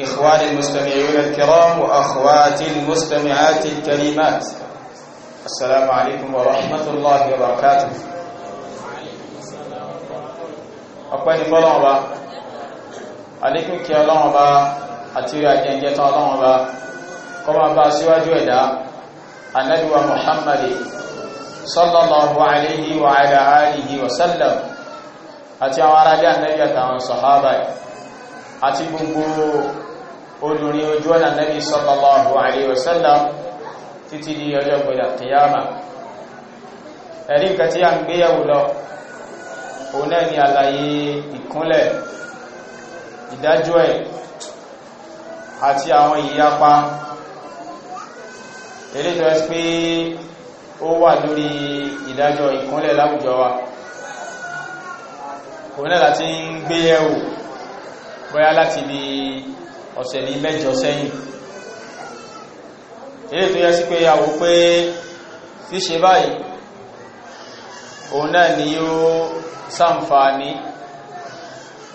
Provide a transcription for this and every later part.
إخوان المستمعون الكرام وأخوات المستمعات الكريمات السلام عليكم ورحمة الله وبركاته أقواني فلان با عليكم كي الله با أتيري أجنجة الله با كما با سوى جويدا النبي محمد صلى الله عليه وعلى آله وسلم أتي عمارة النبي أتعامل صحابه àti gbogbo olùrin ojú ọ̀nà Nabi sallallahu alayhi wa sallam títí di ọjọ́ gbọ́dà kìyàmà ẹ̀rí nǹkan tí a ń gbéyàwó lọ òun náà ni àlàyé ìkúnlẹ̀ ìdájọ́ ẹ̀ àti àwọn ìyapa eléjọ́ ẹ́ pé ó wà lórí ìdájọ́ ìkúnlẹ̀ láwùjọ wa òun náà láti ń gbéyàwó bóyá láti bí ọ̀sẹ̀ bí mẹ́jọ sẹ́yìn ilé tó yẹ sí pé a pé ṣíṣe báyìí òun náà ni yóò ṣàǹfààní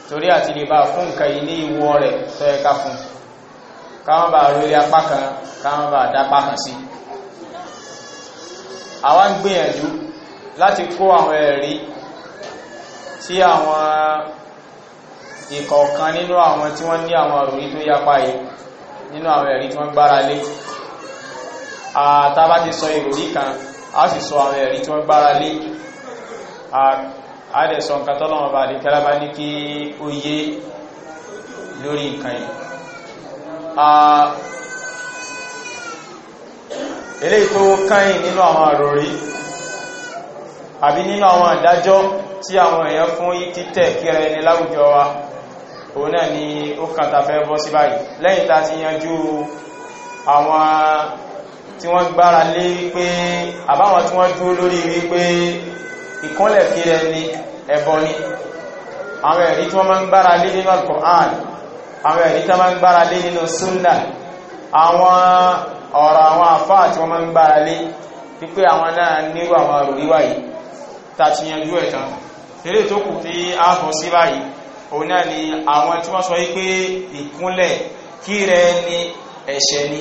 torí àti lè bá fún nǹkan yìí ní ìwọ rẹ̀ tó yẹ ká fún káwọn bá rí apá kan káwọn bá dápá kan sí àwa ń gbìyànjú láti kó àwọn ẹ̀rí tí àwọn ìkọ̀ọ̀kan nínú àwọn tí wọ́n ní àwọn òrí tó yapa yìí nínú àwọn ẹ̀rí tí wọ́n gbára lé àtàbá ti sọ ìròrí kan a sì sọ àwọn ẹ̀rí tí wọ́n gbára lé àádẹ́sọ nǹkan tọ́lọ́wọ́n bá lè kẹ́lábá ní kí ó yé lórí nǹkan yìí eléyìí tó káyìn nínú àwọn àròrí àbí nínú àwọn àdájọ́ tí àwọn èèyàn fún títẹ̀ kíra ẹni láwùjọ wa òun náà ni ó kàtà fẹ́ bọ́ sí báyìí lẹ́yìn tá ti yanjú àwọn tí wọ́n gbára lé wípé àbáwọn tí wọ́n dúró lórí wípé ìkúnlẹ̀ fi rẹ̀ ni ẹbọ ni àwọn ẹ̀rí tí wọ́n máa ń gbára lé nínú Al-Qur'an àwọn ẹ̀rí tí wọ́n máa ń gbára lé nínú súnnà àwọn ọ̀rọ̀ àwọn àfáà tí wọ́n máa ń gbára lé wípé àwọn náà nírú àwọn àròríwá yìí tá ti yanjú ẹ̀ tán eré tó kù tí a sí báyìí òun náà ni àwọn tí wọ́n sọ wípé ìkúnlẹ̀ kí rẹ ní ẹ̀ṣẹ̀ ni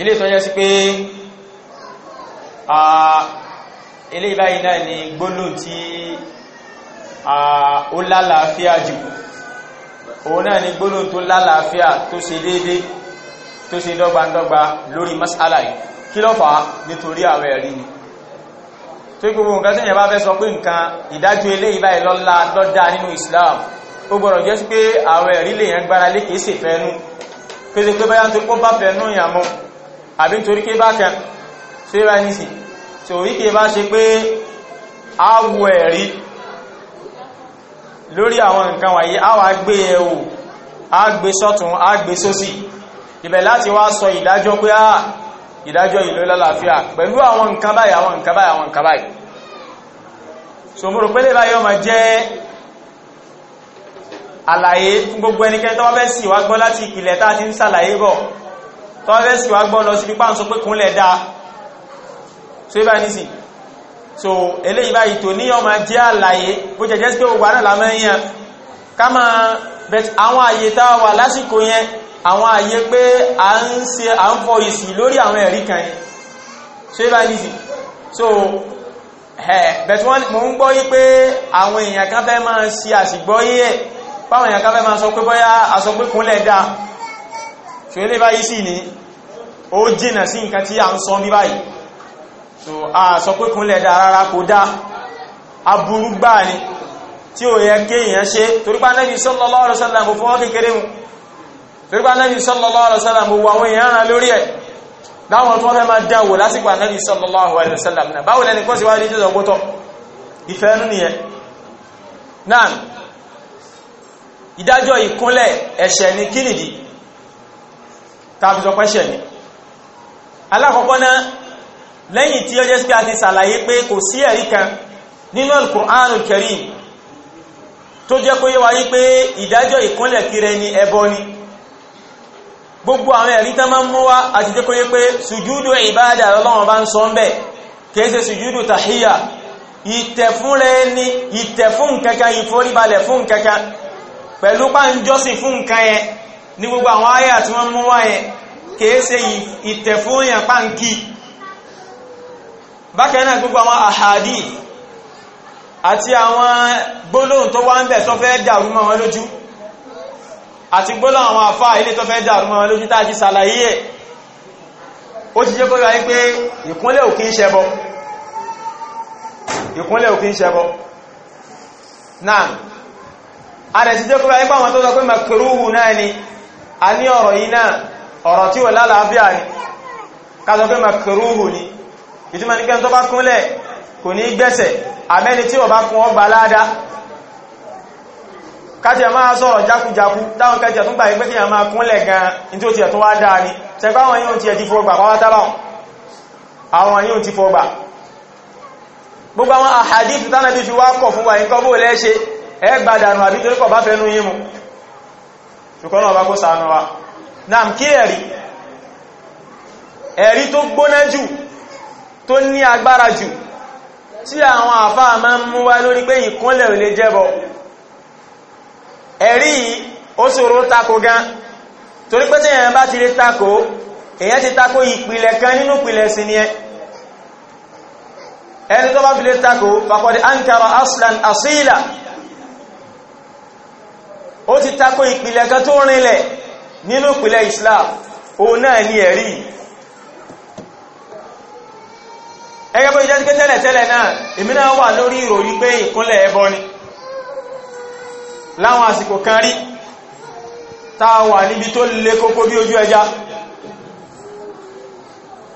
ilé ìtọ́jẹ́ sí pé ilé ah, ìbáyìí náà ni gbólóhùn tí ah, ó lálàáfíà jù òun náà ni gbólóhùn tó lálàáfíà tó ṣe déédé tó ṣe dọ́gbandọ́gba lórí masala yìí kí ló nítorí àwọn ẹ̀rí ni tó gbogbo nǹkan tí yẹn bá fẹ́ sọ pé nǹkan ìdájú eléyìí báyìí lọ́lá lọ́dá nínú Islam ó gbọ́dọ̀ jẹ́ sí pé àwọn ẹ̀rí lè yẹn gbára lé kìí sì fẹ́nu kéde pé báyá nítorí pọ́ bá fẹ́nu yàn mọ́ àbí nítorí ké bá kan tó yẹ bá ní sí tó rí ké bá ṣe pé àwọ̀ ẹ̀rí lórí àwọn nǹkan wàyí àwọ̀ àgbé ẹ̀wò àgbé sọ́tún àgbé sósì ibẹ̀ láti wá sọ ìdájọ́ pé ah ìdájọ́ yìí ló lálàáfíà pẹ̀lú àwọn nǹkan báyìí àwọn nǹkan báyìí àwọn nǹkan báyìí so mo rò pé lè báyìí ọmọ jẹ́ àlàyé fún gbogbo ẹnikẹ́ni tó wá fẹ́ sì wá gbọ́ láti ìpìlẹ̀ tá ti ń sàlàyé bọ̀ tó fẹ́ sì wá gbọ́ lọ sí pípa ń sọ pé kúnlẹ̀ dáa so ibà nísìn so eléyìí báyìí tó ní ọmọ jẹ́ àlàyé bó jẹ́jẹ́ sí pé gbogbo àná làmọ́ yẹn ká máa bẹ̀t àwọn àyè tá wà lásìkò yẹn àwọn àyè pé à ń ṣe à ń fọ ìsì lórí àwọn ẹ̀rí kan yìí ṣe bá ní sí so bẹ̀tí wọ́n mọ̀ ń gbọ́ yí pé àwọn èèyàn kan fẹ́ máa ṣe àṣìgbọ́ yí ẹ̀ báwọn èèyàn kan fẹ́ máa sọ pé bọ́yá aṣọ a ń sọ so a sọ pé kúnlẹ̀ dá rárá kò dá aburú gbáà ni ó sallallahu alaihi wasallam fún wọn kékeré torí pa Ànábì sallallahu alaihi wasallam wo àwọn èèyàn rán lórí ẹ̀ láwọn tó wọ́n fẹ́ máa dáwò lásìkò Ànábì sallallahu alaihi wasallam náà báwo lẹ́ni kọ́ sí wáyé jẹ́ ọgbọ́tọ̀ ìfẹ́ ẹnu nìyẹn náà ìdájọ́ ìkúnlẹ̀ ẹ̀ṣẹ̀ ni kínìdí tàbí sọpẹ́ṣẹ̀ ni alákọ̀ọ́kọ́ náà lẹ́yìn tí ó jẹ́ sí àti sàlàyé pé nínú al-Qur'anul Karim tó jẹ́ kó yé yí pé ìdájọ́ ìkúnlẹ̀ kiri ẹni ẹbọ ni gbogbo àwọn ẹ̀rí tán máa ń mú wá àti jẹ́ kó yé pé sùjúdù ìbáadà ọlọ́run bá ń sọ ń bẹ̀ kìí ṣe sùjúdù tàhíyà ìtẹ̀fún rẹ̀ ní ìtẹ̀fún kankan ìforíbalẹ̀ fún kankan pẹ̀lú pàǹjọ́sìn fún nǹkan yẹn ní gbogbo àwọn àyà tí wọ́n mú wá yẹn kìí ṣe ìtẹ̀fún yẹn pàǹkì bákan náà gbogbo àwọn àhàdì àti àwọn gbólóhùn tó àti gbọ́lá àwọn àfá ilé tó fẹ́ dàrú mọ́ lójú tàà ti sàlàyé ẹ̀ ó ti jẹ́ kó yáyé pé ìkúnlẹ̀ òkín ṣẹbọ ìkúnlẹ̀ òkín ṣẹbọ náà a rẹ̀ ti jẹ́ kó yáyé pàwọn tó sọ pé makruhu náà ni a ní ọ̀rọ̀ yìí náà ọ̀rọ̀ káti ẹ̀ máa sọ̀rọ̀ jákújákú táwọn kẹjì ẹ̀ tún gbà ìgbẹ́ tí ẹ̀ máa kúnlẹ̀ gan in tí ó ti ẹ̀ tó wá dáa ni tẹgbà àwọn yíò ti ẹ̀ ti fọ́gbà pàwátàbáwọn àwọn yíò ti fọ́gbà gbogbo àwọn àhàdìtì tánàbí fi wá kọ̀ fún wa nǹkan bó lẹ́ṣe ẹ gbàdànù àbí torí kọ̀ bá fẹ́nu yín mu ṣùkọ́nà ọba kó sànù wa nam kí ẹ̀rí ẹ̀rí tó gbóná jù tó ní agbára jù tí àwọn àfáà máa ń mú wá lórí pé ìkúnlẹ̀ ò lè jẹ́bọ̀ ẹ̀rí ó tako gan torí pé tí bá ti tako èyàn ti tako ìpìlẹ̀ kan nínú ìpìlẹ̀ sí ni ẹni tó bá fi tako fàkọ̀dé ankara aslan asila ó ti tako ìpìlẹ̀ kan tó rinlẹ̀ nínú ìpìlẹ̀ Islam o náà ni ẹ̀rí ẹgbẹ́ tẹ́lẹ̀ tẹ́lẹ̀ náà wà lórí ìròyìn pé ìkúnlẹ̀ ni láwọn àsìkò kan rí táa wà níbi tó lè kókó bí ojú ẹja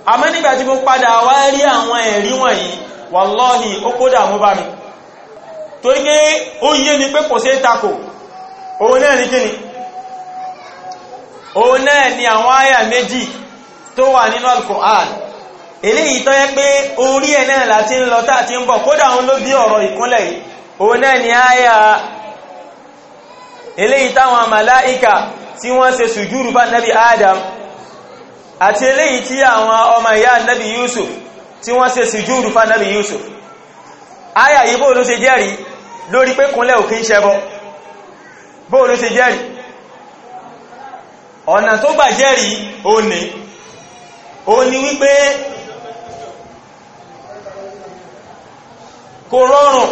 àmọ́ nígbà tí mo padà wá rí àwọn ẹ̀rí wọ̀nyí wàlọ́hì ó kódà mú bá mi torí pé ó yé mi pé kò sí takò òun náà ní kíni òun náà ni àwọn àyà méjì tó wà nínú Al-Qur'an eléyìí tó yẹ pé orí ẹ̀ náà láti ń lọ táà ti ń bọ̀ kódà òun ló bí ọ̀rọ̀ ìkúnlẹ̀ yìí òun náà ni àyà eléyìí táwọn màláíkà tí wọ́n ṣe sùjúrù bá nabi adam àti eléyìí tí àwọn ọmọ ìyá nabi yusuf tí wọ́n ṣe sùjúrù fún nabi yusuf aya yìí bóòlù ṣe jẹ́rìí lórí pé kúnlẹ̀ òkín ṣẹbọ bóòlù ṣe jẹ́rìí ọ̀nà tó gbà jẹ́rìí ó ní ó ní wípé kò rọrùn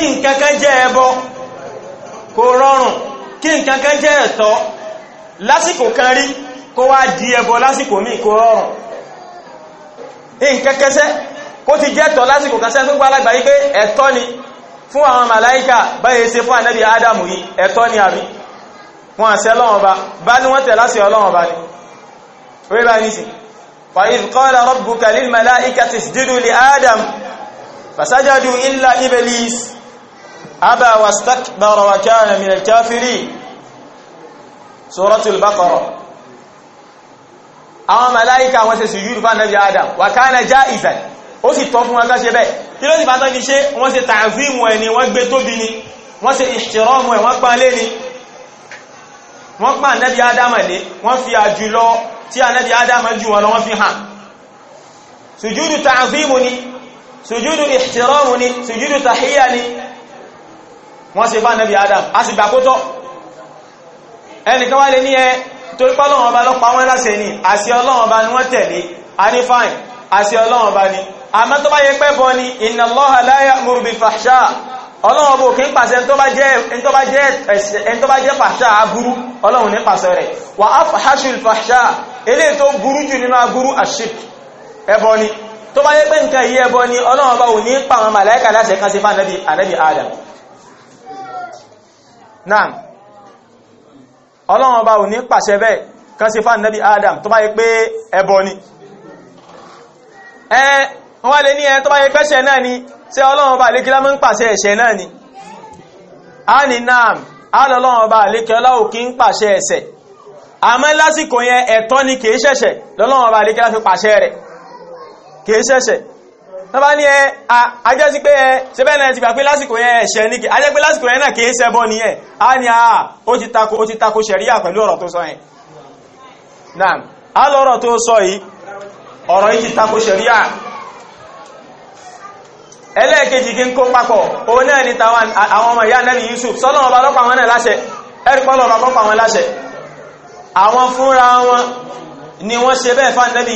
kí nkankan jẹ́ ẹbọ kò rọrùn kí nkankan jẹ́ ẹ̀tọ́ lásìkò kan rí kó wá di ẹbọ lásìkò míì kò rọrùn nkankansẹ́ kó ti jẹ́ ẹ̀tọ́ lásìkò kan sẹ́ tó gbá alágbà yí pé ẹ̀tọ́ ni fún àwọn màláíkà báyé ṣe fún ànábì ádámù yìí ẹ̀tọ́ ni àrí wọn àṣẹ lọ́wọ́n ba bá ní wọ́n tẹ̀ lásìkò ọlọ́wọ́n ba ni orí bá ní sí فإذ قال ربك للملائكة اسجدوا لآدم فسجدوا إلا إبليس أبى واستكبر وكان من الكافرين سورة البقرة àwọn mẹ́láíkà wọ́n ṣe sì yúrù fún ànábì adam wà káàna já ìzà ó sì tọ́ fún wọn káṣẹ bẹ́ẹ̀ kí ló sì bá tán fi ṣe wọ́n ṣe tààfíìmù ẹ̀ ni wọ́n gbé tóbi ni wọ́n ṣe ìṣẹ̀rọ́mù ẹ̀ wọ́n pa lé ni wọ́n pa ànábì adam lé wọ́n fi àjùlọ tí ànábì adam jù wọn lọ wọ́n fi hàn sùjúdù tààfíìmù ni sùjúdù ìṣẹ̀rọ́mù ni sùjúdù tàhíyà ni wọ́n ṣe bá nẹ́bí adam a sì gbàkótọ́ ẹnìkan wá lè ní ẹ torí pé Ọlọ́run ọba lọ́pàá wọn láṣẹ ni àṣẹ Ọlọ́run ọba ni wọ́n tẹ̀lé a ní fáìn àṣẹ Ọlọ́run ọba ni àmọ́ tó bá yẹ pẹ́ bọ́ ni inna Allaha la ya'muru bil fahsha Ọlọ́run ọba òkè ń pàṣẹ ẹni tó bá jẹ́ fàṣà aburú Ọlọ́run ní pàṣẹ rẹ̀ wà náà ọlọ́run ọba ò ní pàṣẹ bẹ́ẹ̀ kan sí fáànù nẹ́bí adam tó bá yẹ pé ẹbọ ni ẹ wọ́n wá lè ní ẹ tó bá yẹ pẹ́ṣẹ̀ náà ni ṣé ọlọ́run ọba àlékílá mọ́ ń pàṣẹ ẹ̀ṣẹ̀ náà ni a ní náà alọ́lọ́run ọba àlékílá ò kí ń pàṣẹ ẹ̀ṣẹ̀ àmọ́ lásìkò yẹn ẹ̀tọ́ ni kìí ṣẹ̀ṣẹ̀ lọ́lọ́run ọba àlékílá fi pàṣẹ rẹ̀ kìí ṣẹ̀ṣẹ̀ tán bá ní ẹ ajẹ́ sí pé ẹ ṣe bẹ́ẹ̀ náà ti gbà pé lásìkò yẹn ẹ̀ṣẹ̀ ní kí ajẹ́ pé lásìkò yẹn náà kìí ṣẹbọ nìyẹn a ní a ó ti tako ó ti tako ṣẹ̀ríyà pẹ̀lú ọ̀rọ̀ tó sọ yẹn naam a lọ ọ̀rọ̀ tó sọ yìí ọ̀rọ̀ yìí ti tako ṣẹ̀ríyà ẹlẹ́ẹ̀kejì kí n kó papọ̀ òun náà ni tàwọn àwọn ọmọ ìyá nẹ́bí Yusuf sọ́lọ́ ọba lọ́pàá wọn náà láṣẹ ẹ̀rí pọ́lọ́ ọba lọ́pàá wọn láṣẹ àwọn fúnra ni wọ́n ṣe bẹ́ẹ̀ fún nẹ́bí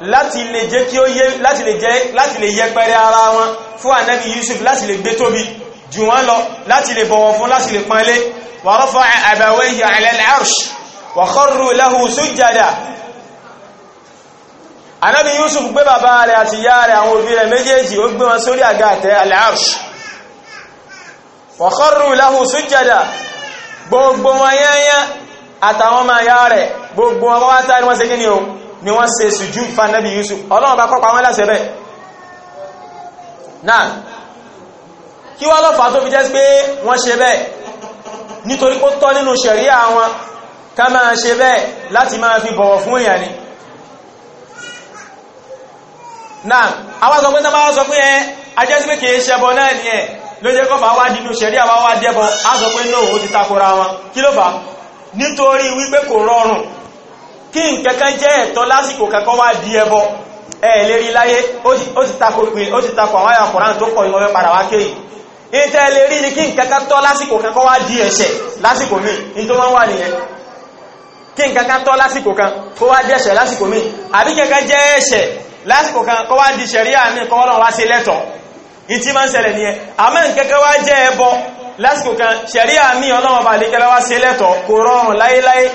láti lè jẹ́ kí ó yé láti lè jẹ́ láti lè yẹpẹrẹ ara wọn fún ànábì Yusuf láti lè gbé tóbi jù wọ́n lọ láti lè bọ̀wọ̀ fún láti lè pọ́nlé wa rafa'a abawayhi 'ala al-'arsh wa kharru lahu sujjada ànábì Yusuf gbé bàbá rẹ̀ àti ìyá rẹ̀ àwọn òbí ni wọ́n ṣe sùjú fanabi Yusuf ọlọ́run bá kọ́pa wọn láṣẹ bẹ́ẹ̀ náà kí wá lọ́fà tó fi jẹ́ pé wọ́n ṣe bẹ́ẹ̀ nítorí kó tọ́ nínú ṣẹ̀ríà wọn ká máa bẹ́ẹ̀ láti fi bọ̀wọ̀ fún èèyàn ni náà àwọn sọ pé tán bá sọ pé ẹ ajẹ́ sí pé kìí náà ni ẹ ló jẹ́ wá dínú wá á sọ pé ti takora kí nǹkankan jẹ́ ẹ̀tọ́ lásìkò kankan wá di ẹbọ ẹ̀ẹ̀lérí láyé ó sì takò ìpìlẹ̀ ó sì takò àwọn àyà Kùránì tó pọ̀ ìwọ̀n padà wá kéyìí ìtẹ́ ẹ̀lérí ni kí nǹkankan tọ́ lásìkò kankan wá di ẹ̀ṣẹ̀ lásìkò míì ní tó máa ń wà nìyẹn kí nǹkankan tọ́ lásìkò kan kó wá di ẹ̀ṣẹ̀ lásìkò míì àbí kankan jẹ́ ẹ̀ṣẹ̀ lásìkò kan kó wá di ṣẹ̀ríà mi kọ́ wọ́n wá sí lẹ́tọ̀ ìtí máa ń ṣẹlẹ̀ nìyẹn àmọ́ nǹkankan wá jẹ́ ẹbọ lásìkò kan ṣẹ̀ríà mi Ọlọ́run bá lè kẹ́lá wá sí lẹ́tọ̀ kò rọrùn láyéláyé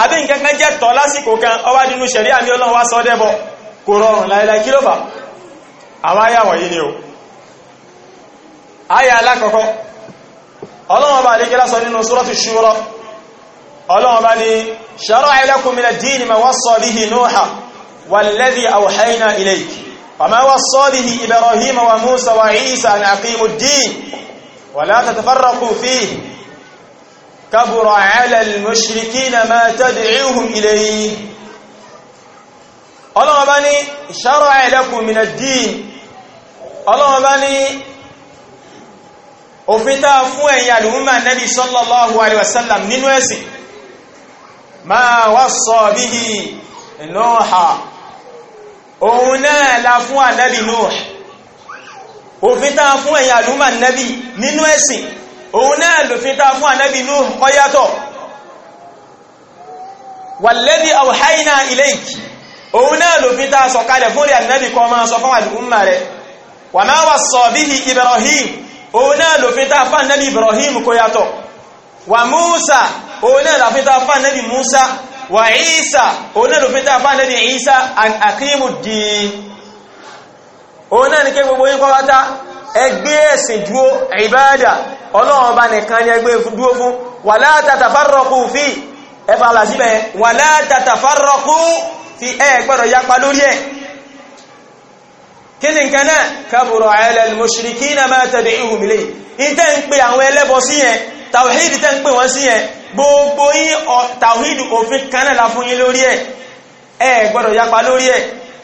àbí nǹkan kan jẹ́ tọ́ lásìkò kan ọwá dínú ṣẹ̀rí àmì ọlọ́run wá sọ dẹ́bọ kò rọrùn láìláì kí ló fà àwọn àyà wọ̀nyí ni o àyà alákọ̀ọ́kọ́ ọlọ́run ọba àlékẹ́lá sọ nínú Suratu Shura ọlọ́run ọba ni كبر على المشركين ما تدعوهم إليه ọlọ́wọ́ bá ní ṣára ẹ̀lẹ́kùn mìnà dìín ọlọ́wọ́ bá ní òfin tàà fún ẹ̀yà alìhúnmà nẹ́bí sallallahu alaihi wasallam nínú ẹ̀sìn ma wassa bihi Nuha òun náà la fún ànẹ́bí Nuh òfin tàà fún ẹ̀yà alìhúnmà nẹ́bí nínú ẹ̀sìn òun náà lòfin ta fún ànábì Nuh ó yàtọ̀ walladhi awhayna ilayk òun náà lòfin ta sọ̀kalẹ̀ fún rí ànábì kó máa sọ fún àdúgbà rẹ̀ wa ma wassa bihi Ibrahim òun náà lòfin ta fún ànábì Ibrahim kó yàtọ̀ wa Musa òun náà lòfin ta fún ànábì Musa wa Isa òun náà lòfin ta fún ànábì Isa an aqimu ddin òun náà ní kí gbogbo yín kọ́ ẹgbẹ́ ẹ̀sìn dúó ìbáadà ọlọ́run ọba nìkan ni ẹgbẹ́ dúó fún wala tatafarraqu fi ẹfà àlàsíbẹ̀ wala tatafarraqu fi ẹgbẹ́rọ̀ yapa lórí ẹ̀ kí ni nǹkan náà kabura ala al-mushrikina ma tad'uhum ilayhi ìtẹ́ ń pe àwọn ẹlẹ́bọ sí yẹn tàwíìdì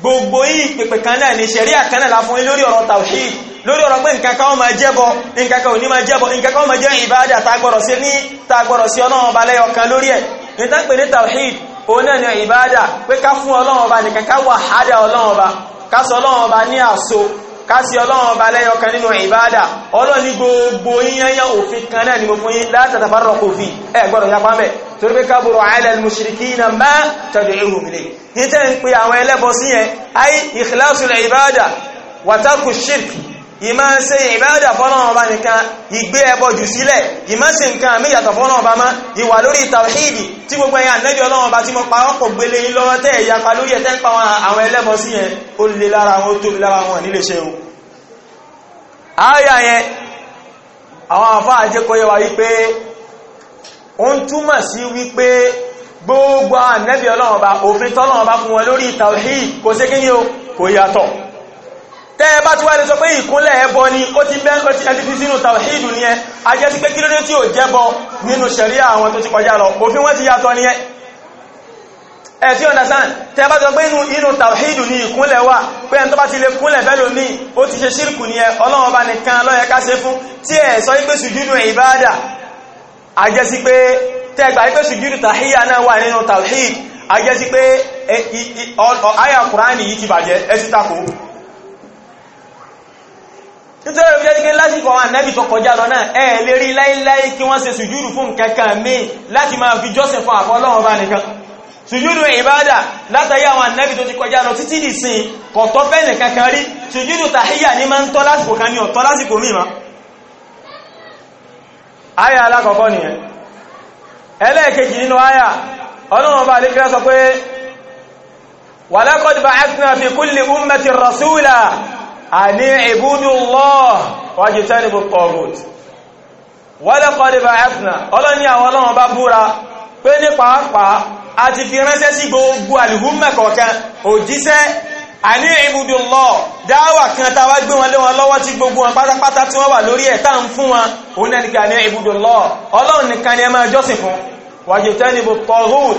gbogbo yìí pèpè kan náà ní ṣẹ̀ríà kan náà la fún lórí ọ̀rọ̀ tawhid lórí ọ̀rọ̀ pé nǹkan kan máa jẹ́bọ nǹkan kan ò ní máa jẹ́bọ nǹkan kan máa jẹ́ ìbáàdà tágbọ̀rọ̀ sí ní tágbọ̀rọ̀ sí ọlọ́run ọba lẹ́yọ kan lórí ẹ̀ nǹkan ní tawhid òun náà ní ìbáàdà pé ká fún ọlọ́run ọba nìkan ká wà hádà ọlọ́run ọba ká sọ ọlọ́run ọba ní àso kásì ọlọ́run ọba lẹ́yọ kan nínú ìbáadà ọlọ́run ní gbogbo yíyányá òfin kan náà ni mo fún yín la tatafarraqu fi ẹ gbọ́dọ̀ yapa mẹ́ torí pé kabura ala ìmá ṣe ìbádà fọ́nà ọba nìkan ìgbé ẹbọ jù sílẹ̀ ìmá ṣe nǹkan mí yàtọ̀ fọ́nà ọba mọ́ ìwà lórí tàwíìdì tí gbogbo ẹ̀yà nẹ́jọ́ ọlọ́run ọba tí mo pa ọkọ̀ gbélé yín lọ́wọ́ tẹ́ ẹ̀yà pa lórí ẹ̀tẹ́ ń pa àwọn ẹlẹ́bọ sí yẹn ó lè lára wọn ó tóbi lára wọn nílé ṣe o ààyà yẹn àwọn àfáà jẹ́ kó yé wa wípé ó ń túmọ̀ sí wípé gbogbo ànẹ́bí ọlọ́run ọba òfin tọ́lọ́run ọba fún wọn lórí tàwíìdì kò sí kí ni o kò yàtọ̀ tẹ́ẹ̀ bá ti wá lè sọ pé ìkúnlẹ̀ ẹbọ ni ó ti bẹ́ ti ẹni fi sínú tàwíìdù ni ẹ a jẹ́ sí pé kí tí ò jẹ́bọ nínú ṣẹ̀ríà àwọn tó ti kọjá lọ òfin wọ́n ti yàtọ̀ ni ẹ ẹ tí understand tẹ́ẹ̀ bá ti pé inú tàwíìdù ni ìkúnlẹ̀ wà pé ẹni tó bá ti lè kúnlẹ̀ bẹ́lò ní ó ti ṣe ṣírkù ni ẹ Ọlọ́run bá nìkan ló yẹ ká ṣe fún tí ẹ sọ pé sùjúdù ìbáàdà a jẹ́ sí pé tẹ́ẹ̀gbà pé sùjúdù tàhíyà náà wà nínú tàwíìdù a sí pé ayà e, kùránì yìí ti bàjẹ́ ẹ ti tako nítorí ìjẹ́ ike lásìkò àwọn ànábì tó kọjá lọ náà ẹ̀ lè rí láíláí kí wọ́n ṣe sùjúdù fún kankan míì láti máa fi jọ́sìn fún àfọ́ bá nìkan sùjúdù ìbádà látàrí àwọn ànábì tó ti kọjá lọ títí dì sin kò tọ́ fẹ́ẹ̀nì kankan rí sùjúdù lè kẹ́ sọ pé أني عبود الله واجتنب الطاغوت ولقد بعثنا ọlọ́ni àwọn ọlọ́wọ́n bá búra pé ní pàápàá a ti fi ránṣẹ́ sí gbogbo alìhúnmẹ̀ kọ̀ọ̀kan òjíṣẹ́ àní ìbùdó lọ dáwà kan tàwà gbé wọn lé wọn lọ́wọ́ tí gbogbo wọn pátápátá tí wọ́n wà lórí ẹ̀ tá ń fún wọn òun náà ní kí àní ìbùdó lọ ọlọ́run nìkan ni ẹ máa jọ́sìn fún wàjẹ̀tẹ́ níbo tọ́rọ̀t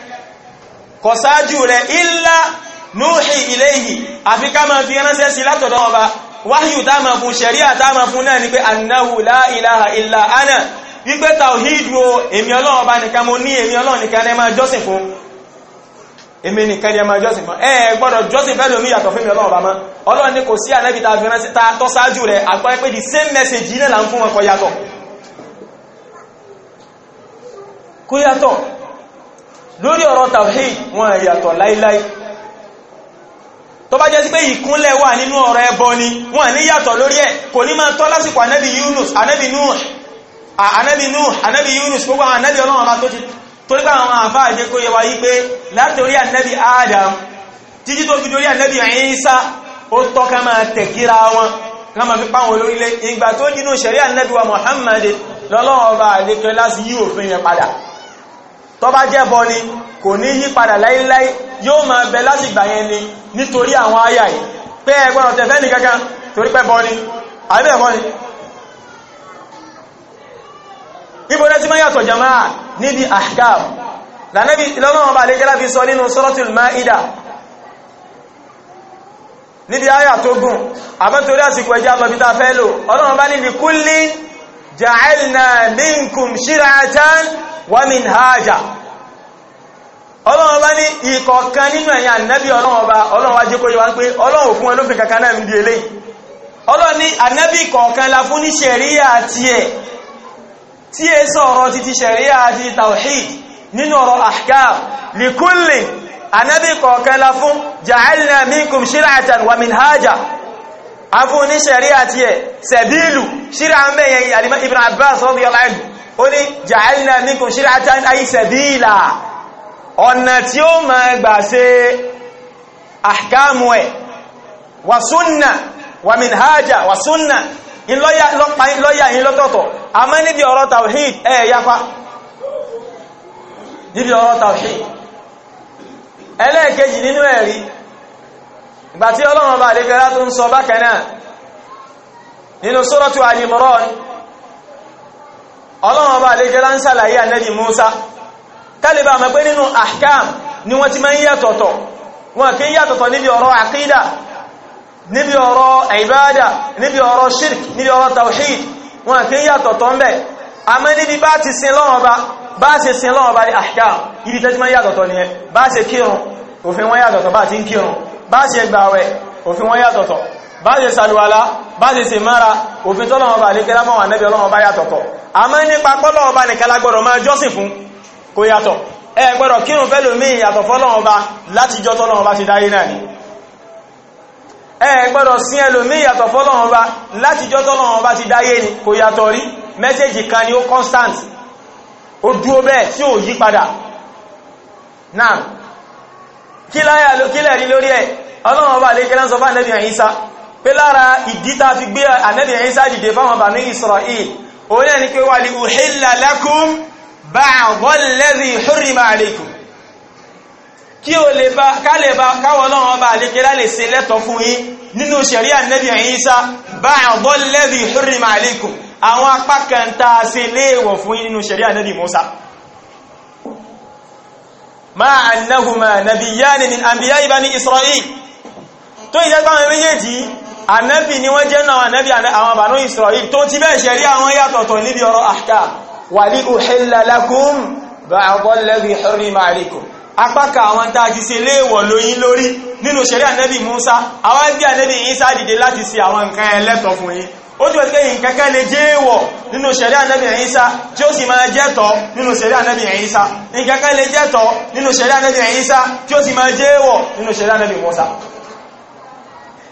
kò rẹ̀ illa nuhi ilayhi àfi ká máa fi ránṣẹ́ sí látọ̀dọ̀ ọba wáyù tá máa fún ṣẹ̀ríà tá máa fún náà ni pé annahu la ilaha illa ana wípé tàwíìdù èmi ọlọ́run ọba nìkan mo ní èmi ọlọ́run nìkan ẹ máa jọ́sìn fún èmi nìkan ẹ máa jọ́sìn fún ẹ gbọ́dọ̀ jọ́sìn fẹ́ lómi yàtọ̀ fún mi ọlọ́run ọba mọ́ ọlọ́run the same message yìí náà là ń fún wọn lórí ọ̀rọ̀ tawhid wọn yàtọ̀ láíláí tó bá jẹ́ sí pé ìkúnlẹ̀ wà nínú ọ̀rọ̀ ẹbọ ni wọn ní yàtọ̀ lórí ẹ̀ kò ní máa tọ́ lásìkò ànábì Yunus ànábì Nuh ànábì Nuh Yunus gbogbo àwọn ànábì ọlọ́run ọba tó ti torí pé àwọn àfáà jẹ́ kó yẹ wa Adam títí tó fi dórí ànábì Isa ó tọ́ ká máa tẹ̀kíra wọn ká máa fi páwọn olórílẹ̀ ìgbà tó Muhammad lọ́lọ́run ọba àdékẹ́ láti yí tó bá jẹ́ bọ́ ni kò ní yí padà láíláí yóò máa bẹ láti gbà yẹn ni nítorí àwọn àyà yìí pé ẹgbọ́n tẹ̀fẹ́ ní kankan torí pẹ́ bọ́ ni àbẹ́ ẹ̀kọ́ ni níbo lẹ́sí máa yàtọ̀ jama'a níbi ahkam lànàbí lọ́nà ọba àlékẹ́lá fi sọ nínú suratul Maida wọ́min hajjá ọlọ́run bá ní ìkọ̀ọ̀kan nínú ẹ̀yà ànábì ọlọ́run bá ọlọ́run wá jíkó yíwa ń pé ọlọ́run fún ẹlófin kankan náà ń bí eléyìí ọlọ́run ní ànábì kọ̀ọ̀kan la fún ní ṣẹ̀ríyà àti ẹ̀ tí è sọ̀rọ̀ ti ti ṣẹ̀ríyà àti tawhid nínú ọ̀rọ̀ ahkam likulli ànábì kọ̀ọ̀kan la fún ja'alna minkum shir'atan wa minhaja afún ní ṣẹ̀ríyà àti ẹ̀ sẹ̀bílù ṣíra ń bẹ̀yẹn ibn abbas radiyallahu ó ní jàáìnà ní kò ṣíra tán àìsẹ̀bíìlà ọ̀nà tí ó ma gbà ṣe àkáàmù ẹ̀ wà súnnà wà mìnhájà wà súnnà lọ́yà yìí lọ́tọ̀tọ̀ a mẹ́ níbi ọ̀rọ̀ tawhid ẹ̀ yapa níbi ọ̀rọ̀ tawhid ẹlẹ́ẹ̀kejì nínú ẹ̀rí ìgbà tí ọlọ́run ọba àdéfẹ́lá tó ń sọ bákanáà nínú suratu Al-Imran ọlọ́run ọba àlejẹ́ lánsàlàyé ànẹ́bì Musa kálíbà mọ̀ pé nínú ahkam ni wọ́n ti máa ń yàtọ̀tọ̀ wọn kí yàtọ̀tọ̀ níbi ọ̀rọ̀ àkídà níbi ọ̀rọ̀ ìbádà níbi ọ̀rọ̀ shirk níbi ọ̀rọ̀ tawhid wọn kí yàtọ̀tọ̀ ń bẹ̀ àmọ́ níbi bá ti sin lọ́wọ́ bá bá ṣe sin lọ́wọ́ bá ní ahkam ibi tẹ́jú máa yàtọ̀tọ̀ ni ẹ bá ṣe kírun òfin wọn yàtọ̀tọ̀ bá ti ṣe mára òfin tọ́lọ́wọ́ bá lè kẹ́lá mọ́wàá nẹ́bí ọlọ́wọ́ bá yàtọ̀tọ̀ àmọ́ nípa pọ́lọ́wọ́ bá nìkan lágbọ́dọ̀ máa jọ́sìn fún kó yàtọ̀ ẹ gbọ́dọ̀ kírun fẹ́lò míì yàtọ̀ fọ́lọ́wọ́ bá láti jọ tọ́lọ́wọ́ bá ti dáyé náà ni ẹ gbọ́dọ̀ sí ẹlòmíì yàtọ̀ fọ́lọ́wọ́ bá láti jọ tọ́lọ́wọ́ bá ti dáyé ni kò yàtọ̀ rí mẹ́sẹ̀jì kan ni ó constant ó dúró bẹ́ẹ̀ tí ò yí padà náà kí láyà kí lẹ́rí lórí ẹ̀ ọlọ́wọ́ bá lè kẹ́lá sọ fún ànẹ́bí àyíṣá pé lára ìdíta fi gbé ànẹ́bì Ìsá dìde fáwọn Bani Israel òun náà ni pé wà lè uhilla lakum ba'da alladhi hurrima alaykum kí o lè bá kálẹ̀ bá káwọ̀ lọ́wọ́ bá àlékẹ́lá lè ṣe lẹ́tọ̀ fún yín nínú ṣẹ̀rí ànẹ́bì Ìsá ba'da alladhi hurrima alaykum àwọn apá kan tá a ṣe tó ìjẹ́ báwọn méjèèjì ànábì ni wọ́n jẹ́ náà ànábì àwọn Banu Israel tó ti bẹ́ẹ̀ ṣẹ̀rí àwọn yàtọ̀tọ̀ níbi ọ̀rọ̀ àkà wà ní uhilla lakum ba'dalladhi hurrima alaykum apákà àwọn tá a ti ṣe léèwọ̀ lóyìn lórí nínú ṣẹ̀rí ànábì Musa àwọn bí ànábì Isa dìde láti ṣe àwọn nǹkan ẹlẹ́tọ̀ fún yín ó ti wọ́n kẹ́yìn kẹ́kẹ́ lè jẹ́ èèwọ̀ nínú ṣẹ̀rí ànábì Ìsá tí ó sì máa jẹ́tọ̀ nínú ṣẹ̀rí ànábì Ìsá ní kẹ́kẹ́ lè jẹ́tọ̀ nínú ṣẹ̀rí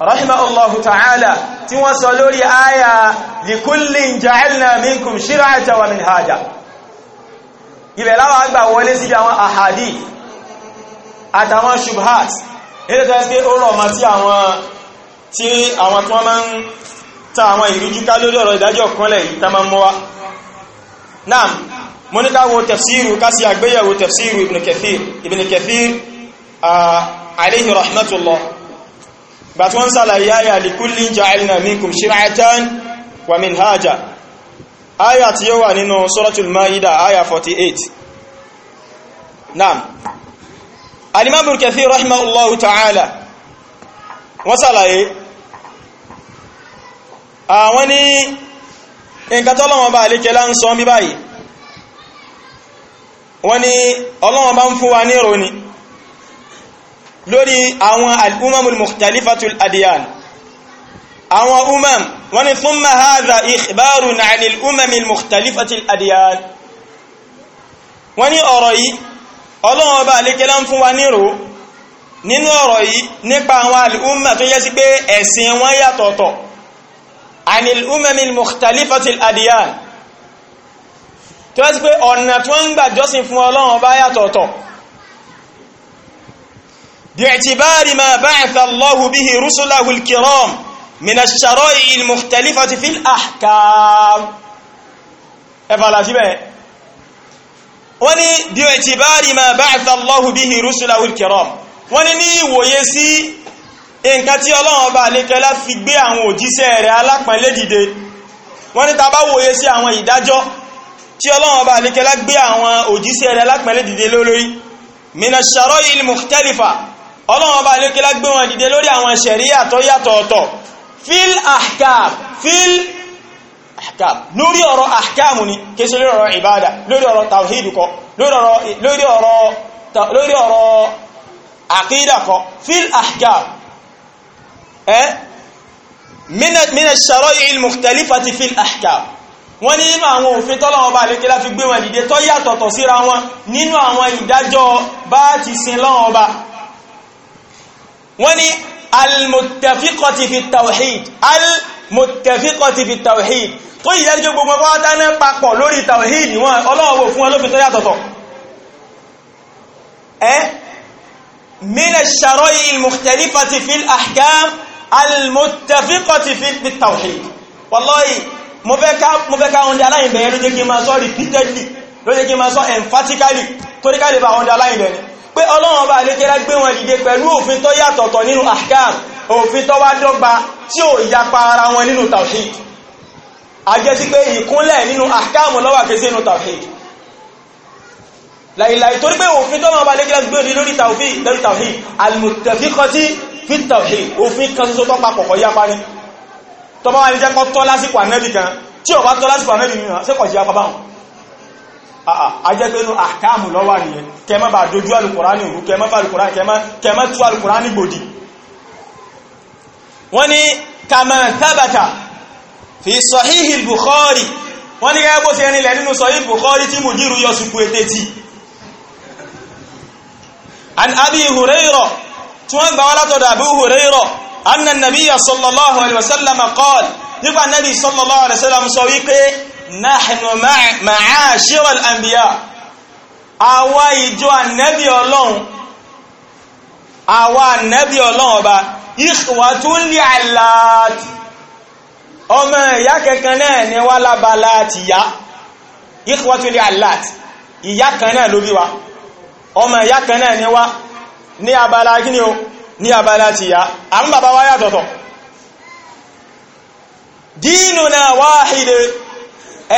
rahimahullahu ta'ala tí wọ́n sọ lórí aya likullin ja'alna minkum shir'ata wa minhaja ibẹ̀ láwọn àgbà wọlé sí àwọn ahadi àtàwọn shubhat ilẹ̀ tó ẹgbẹ́ ó rọ̀ ma sí àwọn tí àwọn tó máa ń ta àwọn ìrújúká lórí ọ̀rọ̀ ìdájọ́ kọ́lẹ̀ ìtàmà mọ́wá naam mo ní ká wo tafsiru ká sí àgbéyẹ̀wò tafsiru ibn kathir ibn kathir ah, alayhi rahmatullah gbà tí wọ́n sàlàyé ayà likullin ja'alna minkum shir'atan wa minhaja ayà tí yóò wà nínú suratul maida ayà 48 naam al-imam Ibn Kathir rahimahullahu ta'ala wọ́n sàlàyé àwọn ní nǹkan tọ́lọ́wọ́n bá alékẹ́lá ń bí báyìí wọ́n ní Ọlọ́run bá ń fún wa ní ìròyìn lórí àwọn al'umamul mukhtalifatul adiyan àwọn umam wani thumma hadha ikhbarun 'anil umamil mukhtalifatil adiyan wani ọ̀rọ̀ yìí Ọlọ́run Ọba alékẹ́lá ń fún wa nírò nínú ọ̀rọ̀ yìí nípa àwọn al'umma tó yẹ sí pé ẹ̀sìn wọn yàtọ̀ọ̀tọ̀ 'anil tó yẹ pé ọ̀nà tó ń gbà jọ́sìn fún Ọlọ́run Ọba yàtọ̀ọ̀tọ̀ باعتبار ما بعث الله به رسله الكرام من الشرائع المختلفة في الأحكام أفعل أجيبه وني باعتبار ما بعث الله به رسله الكرام وني ني ويسي nǹkan tí ọlọ́run ọba àlékẹ́lá fi gbé àwọn òjíṣẹ́ rẹ̀ alápẹ̀lẹ́ dìde wọ́n ní ta bá wòye sí àwọn ìdájọ́ tí ọlọ́run ọba àlékẹ́lá gbé àwọn òjíṣẹ́ rẹ̀ alápẹ̀lẹ́ dìde lórí mina shara'i al-mukhtalifa ọlọ́run ọba ilé kílá gbé wọn dìde lórí àwọn ṣẹ̀rí àtọ́ yàtọ̀ ọ̀tọ̀ fil ahkam fil ahkam lórí ọ̀rọ̀ ahkam ni kéṣe lórí ọ̀rọ̀ ìbádà lórí ọ̀rọ̀ tawhid kọ́ lórí ọ̀rọ̀ àkídà kọ́ fil ahkam ẹ́ min ash-shara'i' al-mukhtalifati fil ahkam wọ́n ní nínú àwọn òfin tọ́lọ́wọ́ bá lè kílá fi gbé wọn dìde tọ́ síra wọn nínú àwọn ìdájọ́ bá ti sin lọ́wọ́ bá wọ́n ní almutafikọti fi tawhid almutafikọti fi tawhid tó yìí yẹ́rìí gbogbo pátá náà papọ̀ lórí tawhid wọn ọlọ́wọ́ fún ọlọ́fin tó yàtọ̀tọ̀ ẹ́ mina ṣàrọ́yì ilmùtẹ̀lifati fi ahkam almutafikọti fi tawhid wallahi mo fẹ́ ká mo fẹ́ ká ọ̀ndẹ̀ aláìbẹ̀ẹ́ ló jẹ́ kí n pé ọlọ́run ọba àlékẹ́lá gbé wọn dìde pẹ̀lú òfin tó yàtọ̀tọ̀ nínú ahkam òfin tó wá dọ́gba tí ò yapa ara wọn nínú tawhid àjẹ́ sí pé ìkúnlẹ̀ nínú ahkam lọ́wà kése nínú tawhid láìláì torí pé òfin tó wọn bá lékẹ́lá gbé lórí tawhid lórí tawhid al-muttafiqati fi tawhid òfin kan tó tọ́ papọ̀ kọ́ yapa ni tọ́ba wa ní jẹ́ kọ́ tọ́ lásìkò ànẹ́bì kan tí ò bá tọ́ lásìkò ànẹ́bì mìíràn sẹ́kọ̀ọ́ sí yapa báwọn ajẹ́pẹ́nu àkáàmù lọ́wà nìyẹn kẹmọ́ bá dojú alùkùránì òru kẹmọ́ bá alùkùránì kẹmọ́ tú alùkùránì gbòdì wọ́n ni kàmà tábàtà fi sọ̀híhì Bukhari wọ́n ni gẹ́gbó ti ẹni lẹ̀ nínú sọ̀híhì Bukhari tí mùdírù yọ sùpù ètè tí nahnu ma'ashira al-anbiya àwa ìjọ ànábì ọlọ́run àwa ànábì ọlọ́run ọba ikhwatun li'allat ọmọ ìyá kankan náà ni wá lábala ti yá ikhwatun li'allat ìyá kan náà ló bí wa ọmọ ìyá kan náà ni wá ní abala gíní o ní abala ti yá àwọn bàbá wa yàtọ̀tọ̀ dínú náà wáhìdè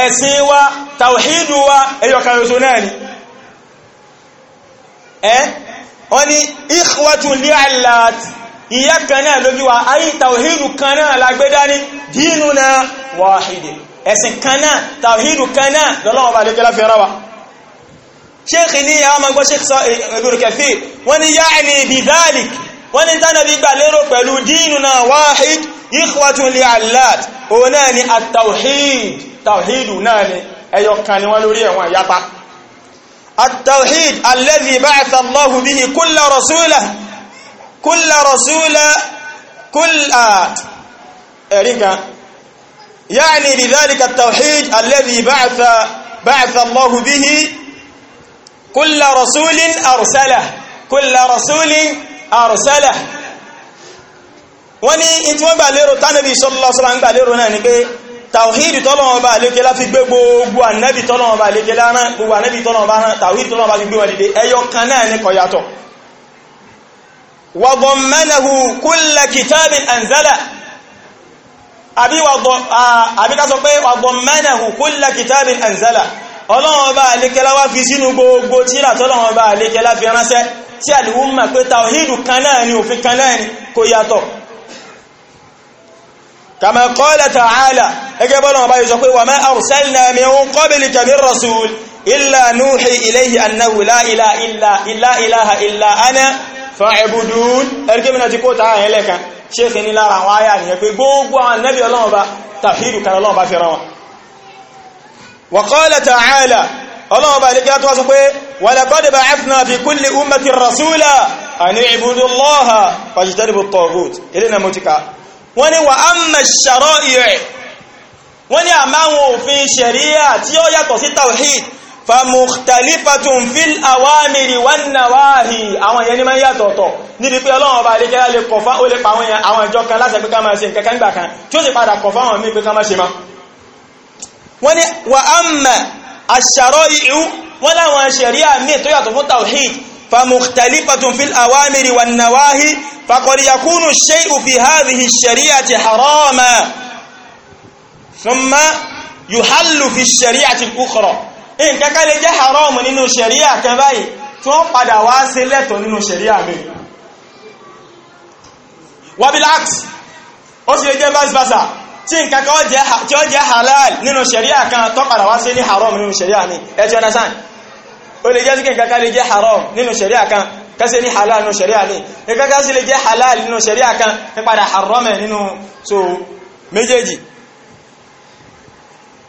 ẹ̀sìn wa tàwíìdù wa ẹyọkan ṣoṣo náà ni ẹ́ wọ́n ni ikhwatu li'allat ìyá kan náà lójú wa ayé tàwíìdù kan náà lágbédá ní dínúna wáhìdì ẹ̀sìn kan náà tàwíìdù kan náà lọ́lọ́wọ́ bá lẹ́kẹ́lá fi rán wa ṣéèkì ní àwọn ikhwatun li allat òun náà ni at-tawhid tawhidu náà ni ẹyọ kan ni wọ́n lórí ẹ̀wọ̀n ìyapa at-tawhid alladhi ba'atha Allahu bihi kulla rasula kulla rasula kulla ẹ̀ríkà ya'ni bi dhalika at-tawhid alladhi ba'atha ba'atha Allahu bihi kulla rasulin arsalah kulla rasulin wọ́n ní in tí wọ́n gbà lérò tánàbí sọ́lọ́sọ́lá ń gbà lérò náà ni pé tàwíìdì tọ́lọ́wọ́n bá lékẹ́ láti gbé gbogbo ànẹ́bì tọ́lọ́wọ́n bá lékẹ́ lárán gbogbo ànẹ́bì tọ́lọ́wọ́n bá rán tàwíìdì tọ́lọ́wọ́n bá fi gbé wọn dìde ẹyọ kan náà ní kọ̀yàtọ̀ wàgọ̀mẹ́nàhù kúlẹ̀ kìtàbí àǹzálà àbí ká sọ pé wàgọ̀mẹ́nàhù kúlẹ̀ kìtàbí àǹzálà ọlọ́wọ́n bá lékẹ́ láwá fi sínú gbogbo tíra tọ́lọ́wọ́n bá lékẹ́ láfi ránṣẹ́ tí àlùwùmọ̀ pé tàwíìdì kan náà ni òfin kan náà ni kò yàtọ̀ كما قال تعالى اجبنا ابي يقول وما ارسلنا من قبلك من رسول الا نوحي اليه انه لا اله الا الا اله الا انا فاعبدون ارجمنا تي كوتا هلكا شيخ ني لارا وان ايا ني بي غوغو النبي الله با توحيد كان الله با في روان وقال تعالى الله با لك تو سو ولقد بعثنا في كل امه رسولا ان اعبدوا الله واجتنبوا الطاغوت الينا موتيكا wọ́n ní wà á mẹ́ ṣàrọ́ ìrẹ̀ wọ́n ní àmá àwọn òfin ṣẹ̀ríyà tí ó yàtọ̀ sí tawhid fàmùtàlífàtún fíl àwámìrì wọn nàwáhì àwọn èèyàn ní máa yàtọ̀ọ̀tọ̀ níbi pé ọlọ́run ọba adékẹ́lá lè kọ̀ fáwọn olè pàwọn àwọn ìjọ kan láti ẹgbẹ́ ká ṣe nǹkan kan kan tí ó sì padà kọ̀ fáwọn míì pé ká ṣe máa wọ́n ní wà á mẹ́ àṣàrọ̀ ìhú wọ́n láwọn ṣẹ̀ríà míì tó yàtọ̀ fún tawhid فمختلفة في الأوامر والنواهي فقد يكون الشيء في هذه الشريعة حراما ثم يحل في الشريعة الأخرى إن كان جاء حرام إنه شريعة كباي ثم قد واسلة إنه شريعة منه وبالعكس أصل جاء بس بسا tí nǹkan kan tí ó jẹ́ halal nínú ṣẹ̀ríà kan tó padà wá sí ní haram nínú ṣẹ̀ríà ní ẹjọ́ ẹ̀dásán ó lè jẹ́ sí kẹ́kẹ́ lè jẹ́ haram nínú ṣẹ̀ríà kan kẹsẹ̀ ní halal nínú ṣẹ̀ríà ní kẹ́kẹ́ sí lè jẹ́ halal nínú ṣẹ̀ríà kan ní padà haram ẹ̀ nínú so méjèèjì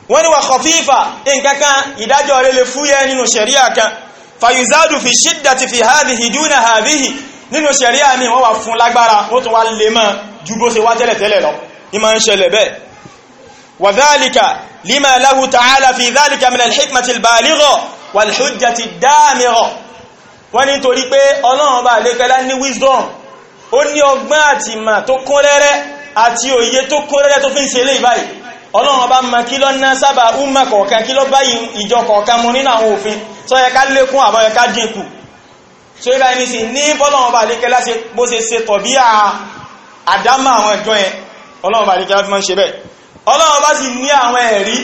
wọ́n ni wà khafifa nǹkankan ìdájọ́ rẹ̀ lè fúyẹ́ nínú ṣẹ̀ríà kan fayuzadu fi shiddati fi hadhihi duna hadhihi nínú ṣẹ̀ríà ní wọ́n wà fún lágbára wọ́n tún wá lè mọ́ ju bó ṣe wá tẹ́lẹ̀ tẹ́lẹ̀ lọ ní lima lahu ta'ala fi dhalika min al-hikmati al wàlìṣójá ti dáàmìrọ̀ wọ́n ní torí pé ọlọ́run bá lékẹ́lá ní wisdom ó ní ọgbọ́n àti ìmà tó kún rẹ́rẹ́ àti òye tó kún rẹ́rẹ́ tó fi ń ṣe lè báyìí ọlọ́run bá ma kí lọ ná umma kọ̀ọ̀kan kí lọ báyìí ìjọ kọ̀ọ̀kan mu nínú àwọn òfin tó yẹ ká lékún àbọ̀ yẹ ká dínkù tó yẹ ká ní sí ní bọ́lọ́run bá lékẹ́lá ṣe bó ṣe ṣe tọ̀bí àdámà ọlọ́run bá sì ní àwọn ẹ̀rí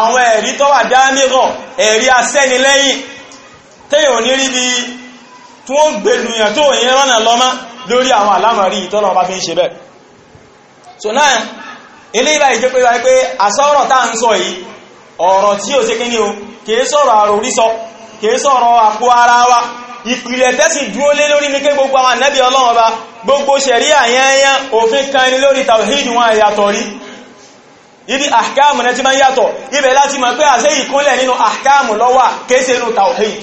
àwọn ẹ̀rí tó wà dámírọ̀ ẹ̀rí asẹ́nilẹ́yìn téèyàn ní rí bí tí wọ́n gbèlúyàn tó yẹn rọ́nà lọ́mọ́ lórí àwọn àlámọ̀rí ìtọ́lọ̀ bá fi ń ṣe bẹ́ẹ̀ so náà ilé ìbá ìjẹ́ pé wáyé pé àsọ́rọ̀ tá ń sọ yìí ọ̀rọ̀ tí ó ṣe kíní o kìí sọ̀rọ̀ àròrísọ kìí sọ̀rọ̀ àpò ara wa ìpìlẹ̀ tẹ́sì dúó lé lórí ní pé gbogbo àwọn ànábì Ọlọ́run bá gbogbo ṣẹ̀ríà yẹn yẹn òfin kan ní lórí tàwíìdì wọn àyàtọ̀ rí ibi ahkamu náà ti máa ń yàtọ̀ ibẹ̀ láti máa pé àṣẹ ìkúnlẹ̀ nínú ahkamu lọ́wà kéèsè nínú tawhid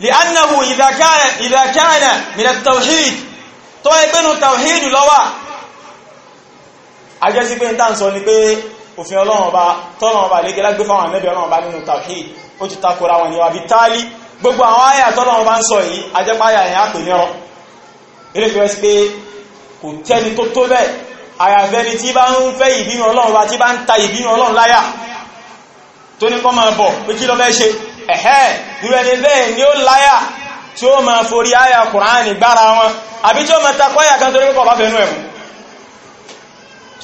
li'annahu idha kana idha kana min at-tawhid tó yẹ pé nínú tawhid lọ́wà ajẹ́sí pé ń tàn sọ ni pé òfin ọlọ́run ọba tọ́lọ́run ọba lékelá gbé fáwọn àmẹ́bẹ̀ ọlọ́run ọba nínú tawhid ó bá ń àyàfẹ́ni tí bá ń fẹ́ ìbínú ọlọ́run wa tí bá ń ta ìbínú ọlọ́run láyà tó ní kọ́ máa bọ̀ pé kí ló fẹ́ ṣe ẹ̀hẹ́ irú ẹni bẹ́ẹ̀ ni ó láyà tí ó máa forí àyà kùránì gbára wọn àbí tí ó máa takọ́ àyà kan torí kọ̀ bá fẹ́nu ẹ̀mù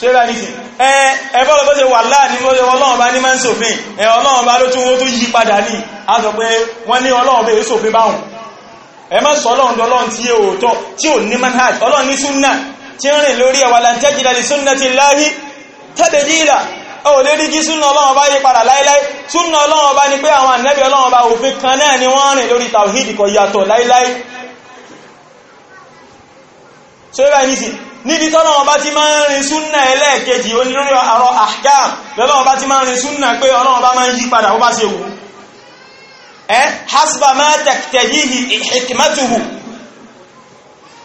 ṣẹ́rẹ́ nìsí ẹ ẹ̀fọ́lọ́ tó ṣe wà láàní ó ṣe ọlọ́run bá ní máa ń ṣòfin ẹ̀ ọlọ́run bá ló tún ó tún yí padà ní a sọ pé wọ́n ní ọlọ́run bẹ́ẹ̀ ṣòfin báhùn ẹ má sọ ọlọ́run dọ́lọ́run tí ó tọ́ tí ò ní manhaj ọlọ́run ní súnnà tí ń rìn lórí ẹwà lantẹ́jìdá lè súnnà ti láhí tẹ́bẹ̀dìlà ọ̀ lè rí kí súnnà ọlọ́wọ́ bá yí padà láíláí súnnà ọlọ́wọ́ bá ní pé àwọn ànẹ́bí ọlọ́wọ́ bá òfin kan náà ni wọ́n rìn lórí tàwíìdì kò yàtọ̀ láíláí so yíba ní sí níbi tọ́lọ́wọ́ bá ti máa ń rin súnnà ẹlẹ́ẹ̀kejì onírúurú àrọ ahkam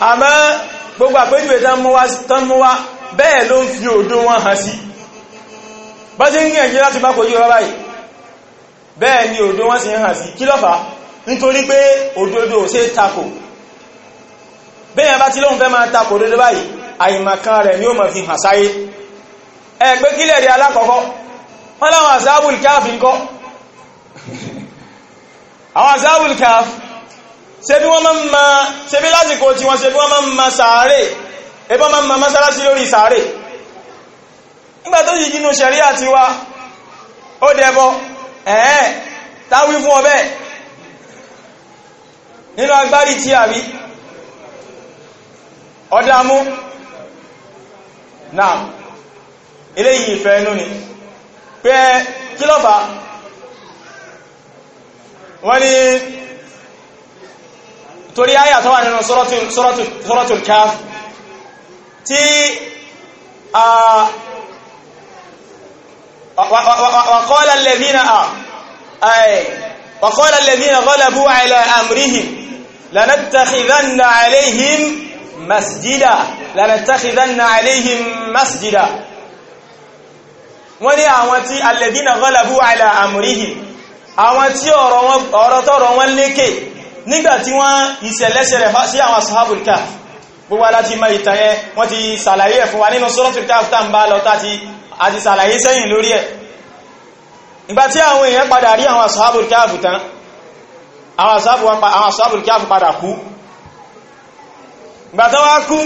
àmọ́ gbogbo àpéjúwe tán mú wá bẹ́ẹ̀ ló ń fi òdó wọn hàn sí bá ṣe ń gbìyànjú láti bá kojú ọba yìí bẹ́ẹ̀ ni òdó wọn sì ń hàn sí kí ló fà nítorí pé òdodo ò ṣe takò bẹ́yàn bá ti lóhun fẹ́ máa takò òdodo báyìí àìmọ̀kan rẹ̀ ni ó mọ̀ fi hàn sáyé ẹ pé kílẹ̀ rí alákọ̀ọ́kọ́ àwọn àzáwùl ṣe bí wọ́n máa ń ma ṣe bí lásìkò tí wọ́n ṣe bí wọ́n máa ń ma sàárè ẹbọ́n máa ń ma mọ́sálásí lórí sàárè nígbà tó yìí gínú ṣẹ̀rí àti wa ó dẹbọ ẹ̀ẹ́ táwí fún ọbẹ̀ nínú agbárí tí a rí ọdámú náà eléyìí ìfẹ́ inú ni pé kí ló fà wọ́n ni torí ayà tó wà nínú suratul Kahf tí وقال الذين أي وقال الذين غلبوا على أمرهم لنتخذن عليهم مسجدا لنتخذن عليهم مسجدا wọ́n ní àwọn tí alladhina ghalabu ala amrihim àwọn tí ọ̀rọ̀ wọn lékè nígbàtí wọ́n ìṣẹ̀lẹ́ṣẹ̀lẹ̀ sí àwọn sahabul kahf gbogbo aláti ma ìtàn yẹn wọ́n ti sàlàyé ẹ̀ fún wa nínú suratul kahf tá ń bá lọ tàti àti sàlàyé sẹ́yìn lórí ẹ̀ nígbàtí àwọn èèyàn padà rí àwọn sahabul kahf tán àwọn sahabul kahf padà kú gbàtọ́ wá kú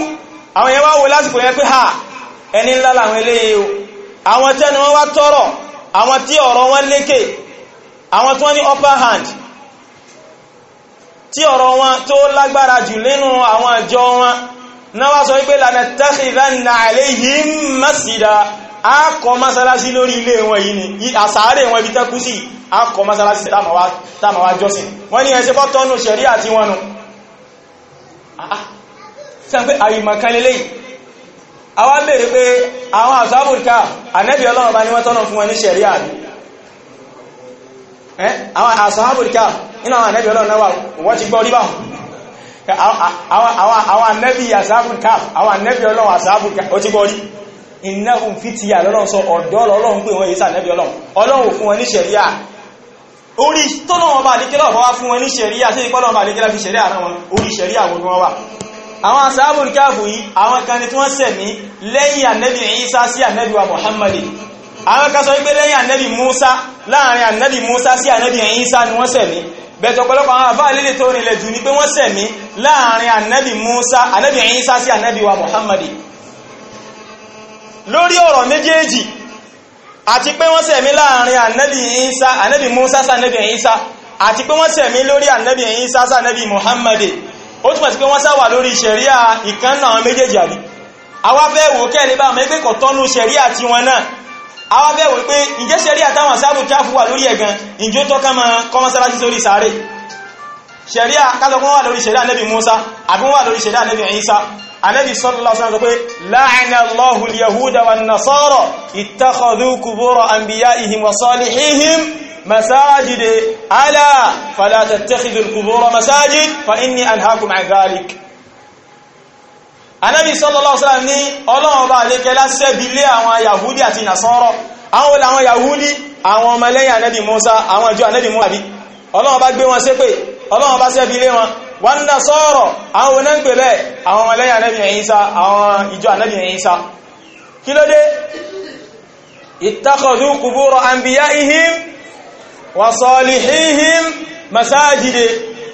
àwọn èèyàn wá wo lásìkò yẹn pé ha ẹni ńlá làwọn eléyìí o àwọn tẹ́nu wọn wá tọ́rọ̀ àwọn tí ọ̀rọ̀ wọn lékè àwọn tí wọ́n ní upper hand tí ọ̀rọ̀ wọn tó lágbára jù nínú àwọn àjọ wọn náà wá sọ wípé lànà tẹ́kìlánà àléyìn mẹ́sìdá akọ masalasi lórí ilé wọn yìí ni àsàárè wọn ibi tẹ́kú sí akọ masalasi tàmàwà jọ́sìn wọ́n ní ẹ̀ṣẹ́ pọ́tọ́nù ṣẹ̀rí àti wọn nù sẹ́pẹ́ ah, ah. àyìmọ̀kanlélé àwọn bèèrè pé àwọn àsábùrká ànẹ́bì nínú àwọn ànẹ́bí ọlọ́run náà wọ́n ti gbọ́ ríbà àwọn ànẹ́bí àsáàbù káf àwọn ànẹ́bí ọlọ́run àsáàbù káf ó ti gbọ́ rí ìnáhùn fìtìyà lọ́lọ́run sọ ọ̀dọ́ ọlọ́run pé wọ́n yìí sànẹ́bí ọlọ́run ọlọ́run fún wọn ní ṣẹ̀ríà orí tọ́lọ́wọ́n bá àdíkẹ́lá ọ̀fọ́ wá fún wọn ní ṣẹ̀ríà sí ìpọ́lọ́wọ́n bá àdíkẹ́lá fi ṣẹ̀ríà náà wọn orí ṣẹ̀ríà wọn wọ́n wà àwọn asáàbù káàfù yìí àwọn kan ni tí wọ́n sẹ̀mí lẹ́yìn ànẹ́bí Ìsá sí ànẹ́bí wa Muhammadi àwọn kan sọ wípé lẹ́yìn ànẹ́bí Musa láàrin ànẹ́bí Musa sí ànẹ́bí Ìsá ni wọ́n sẹ̀mí bẹ̀tọ̀ pẹ̀lọpọ̀ àwọn àfáà lílè tó rìnlẹ̀ jù ní pé wọ́n sẹ̀mí láàrin ànábì Musa ànábì Isa sí ànábì wa Muhammadi lórí ọ̀rọ̀ méjèèjì àti pé wọ́n sẹ̀mí láàrin ànábì Isa ànábì Musa sí ànábì Isa àti pé wọ́n sẹ̀mí lórí ànábì Isa sí ànábì Muhammadi ó túnmọ̀ sí pé wọ́n sáwà lórí ṣẹ̀ríà ìkan náà méjèèjì àbí àwa fẹ́ wò kẹ́ẹ̀lẹ́ bá mẹ́gbẹ́kọ̀ tọ́nú ṣẹ̀ríà tiwọn náà àwa bẹ̀ wípé ǹjẹ́ ṣẹ́rí àtàwọn sáàbù kí a fún wà lórí ẹ̀gan ìjó tó kán máa kọ́ mọ́sálásí sórí sàárè ṣẹ̀rí àkásọkún wà lórí ṣẹ̀rí ànẹ́bì Musa àbún wà lórí ṣẹ̀rí ànẹ́bì Isa ànẹ́bì sallallahu alaihi pé la'ana anábì sallallahu alaihi wasallam ní ọlọ́run bá lékẹ́ lásẹ́bí lé àwọn yahudi àti nasọ́rọ̀ àwọn olè àwọn yahudi àwọn ọmọlẹ́yìn anábì musa àwọn ìjọ anábì musa bí ọlọ́run bá gbé wọn ṣépè ọlọ́run bá sẹ́bí lé wọn wọn nasọ́rọ̀ àwọn onáǹgbè bẹ́ẹ̀ àwọn ọmọlẹ́yìn anábì Ìsá àwọn ìjọ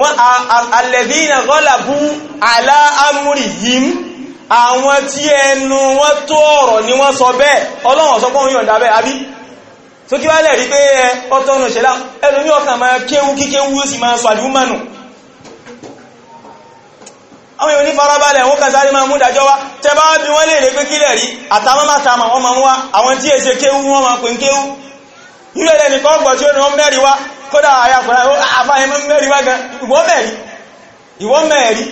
wọ́n alẹ́bíìnà gọ́làbú aláàmúrì yìí àwọn tí ẹnu wọ́n tó ọ̀rọ̀ ni wọ́n sọ bẹ́ẹ̀ ọlọ́wọ̀n sọ pọ́n yọ̀nda bẹ́ẹ̀ àbí tó kí wá lẹ̀ rí pé ọtọ́nù ṣẹlá ẹnu ní ọkàn máa kéwú kíkéwú sí máa sọ àdúgbò mánù àwọn èèyàn ní farabalẹ̀ wọ́n kà sáré máa mú dájọ́ wá tẹ bá bí wọ́n lè rí pé kílẹ̀ rí àtàmọ́mátàmà wọ́n máa ń wá àwọn tí èsè kéwú wọ́n máa pè ń kéwú irú ẹ̀lẹ́ nìkan tí ó ní wọ́n mẹ́rin wá kódà àyà kọ̀rọ̀ ah, àfáyẹmọ́ mẹ́rin wá gan ìwọ mẹ́rin ìwọ mẹ́rin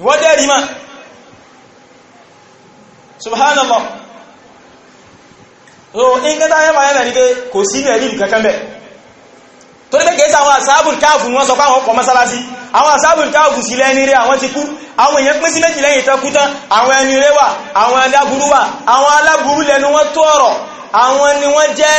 ìwọ dẹ́rì ma subhanallah so in kẹta yẹ́ fàyẹ́ mẹ́rin pé kò sí mẹ́rin kankan bẹ̀ torí pé kèése àwọn àsáàbùn káàfù wọ́n sọ pé àwọn ọkọ̀ mọ́sálásí àwọn àsáàbùn káàfù sí lẹ́ni rẹ̀ àwọn ti kú àwọn èèyàn pín sí méjì lẹ́yìn ìtẹ́kú tán àwọn ẹni rẹ̀ wà àwọn aláburú wà àwọn aláburú lẹ́nu wọ́n tó ọ̀rọ̀ àwọn ni wọ́n jẹ́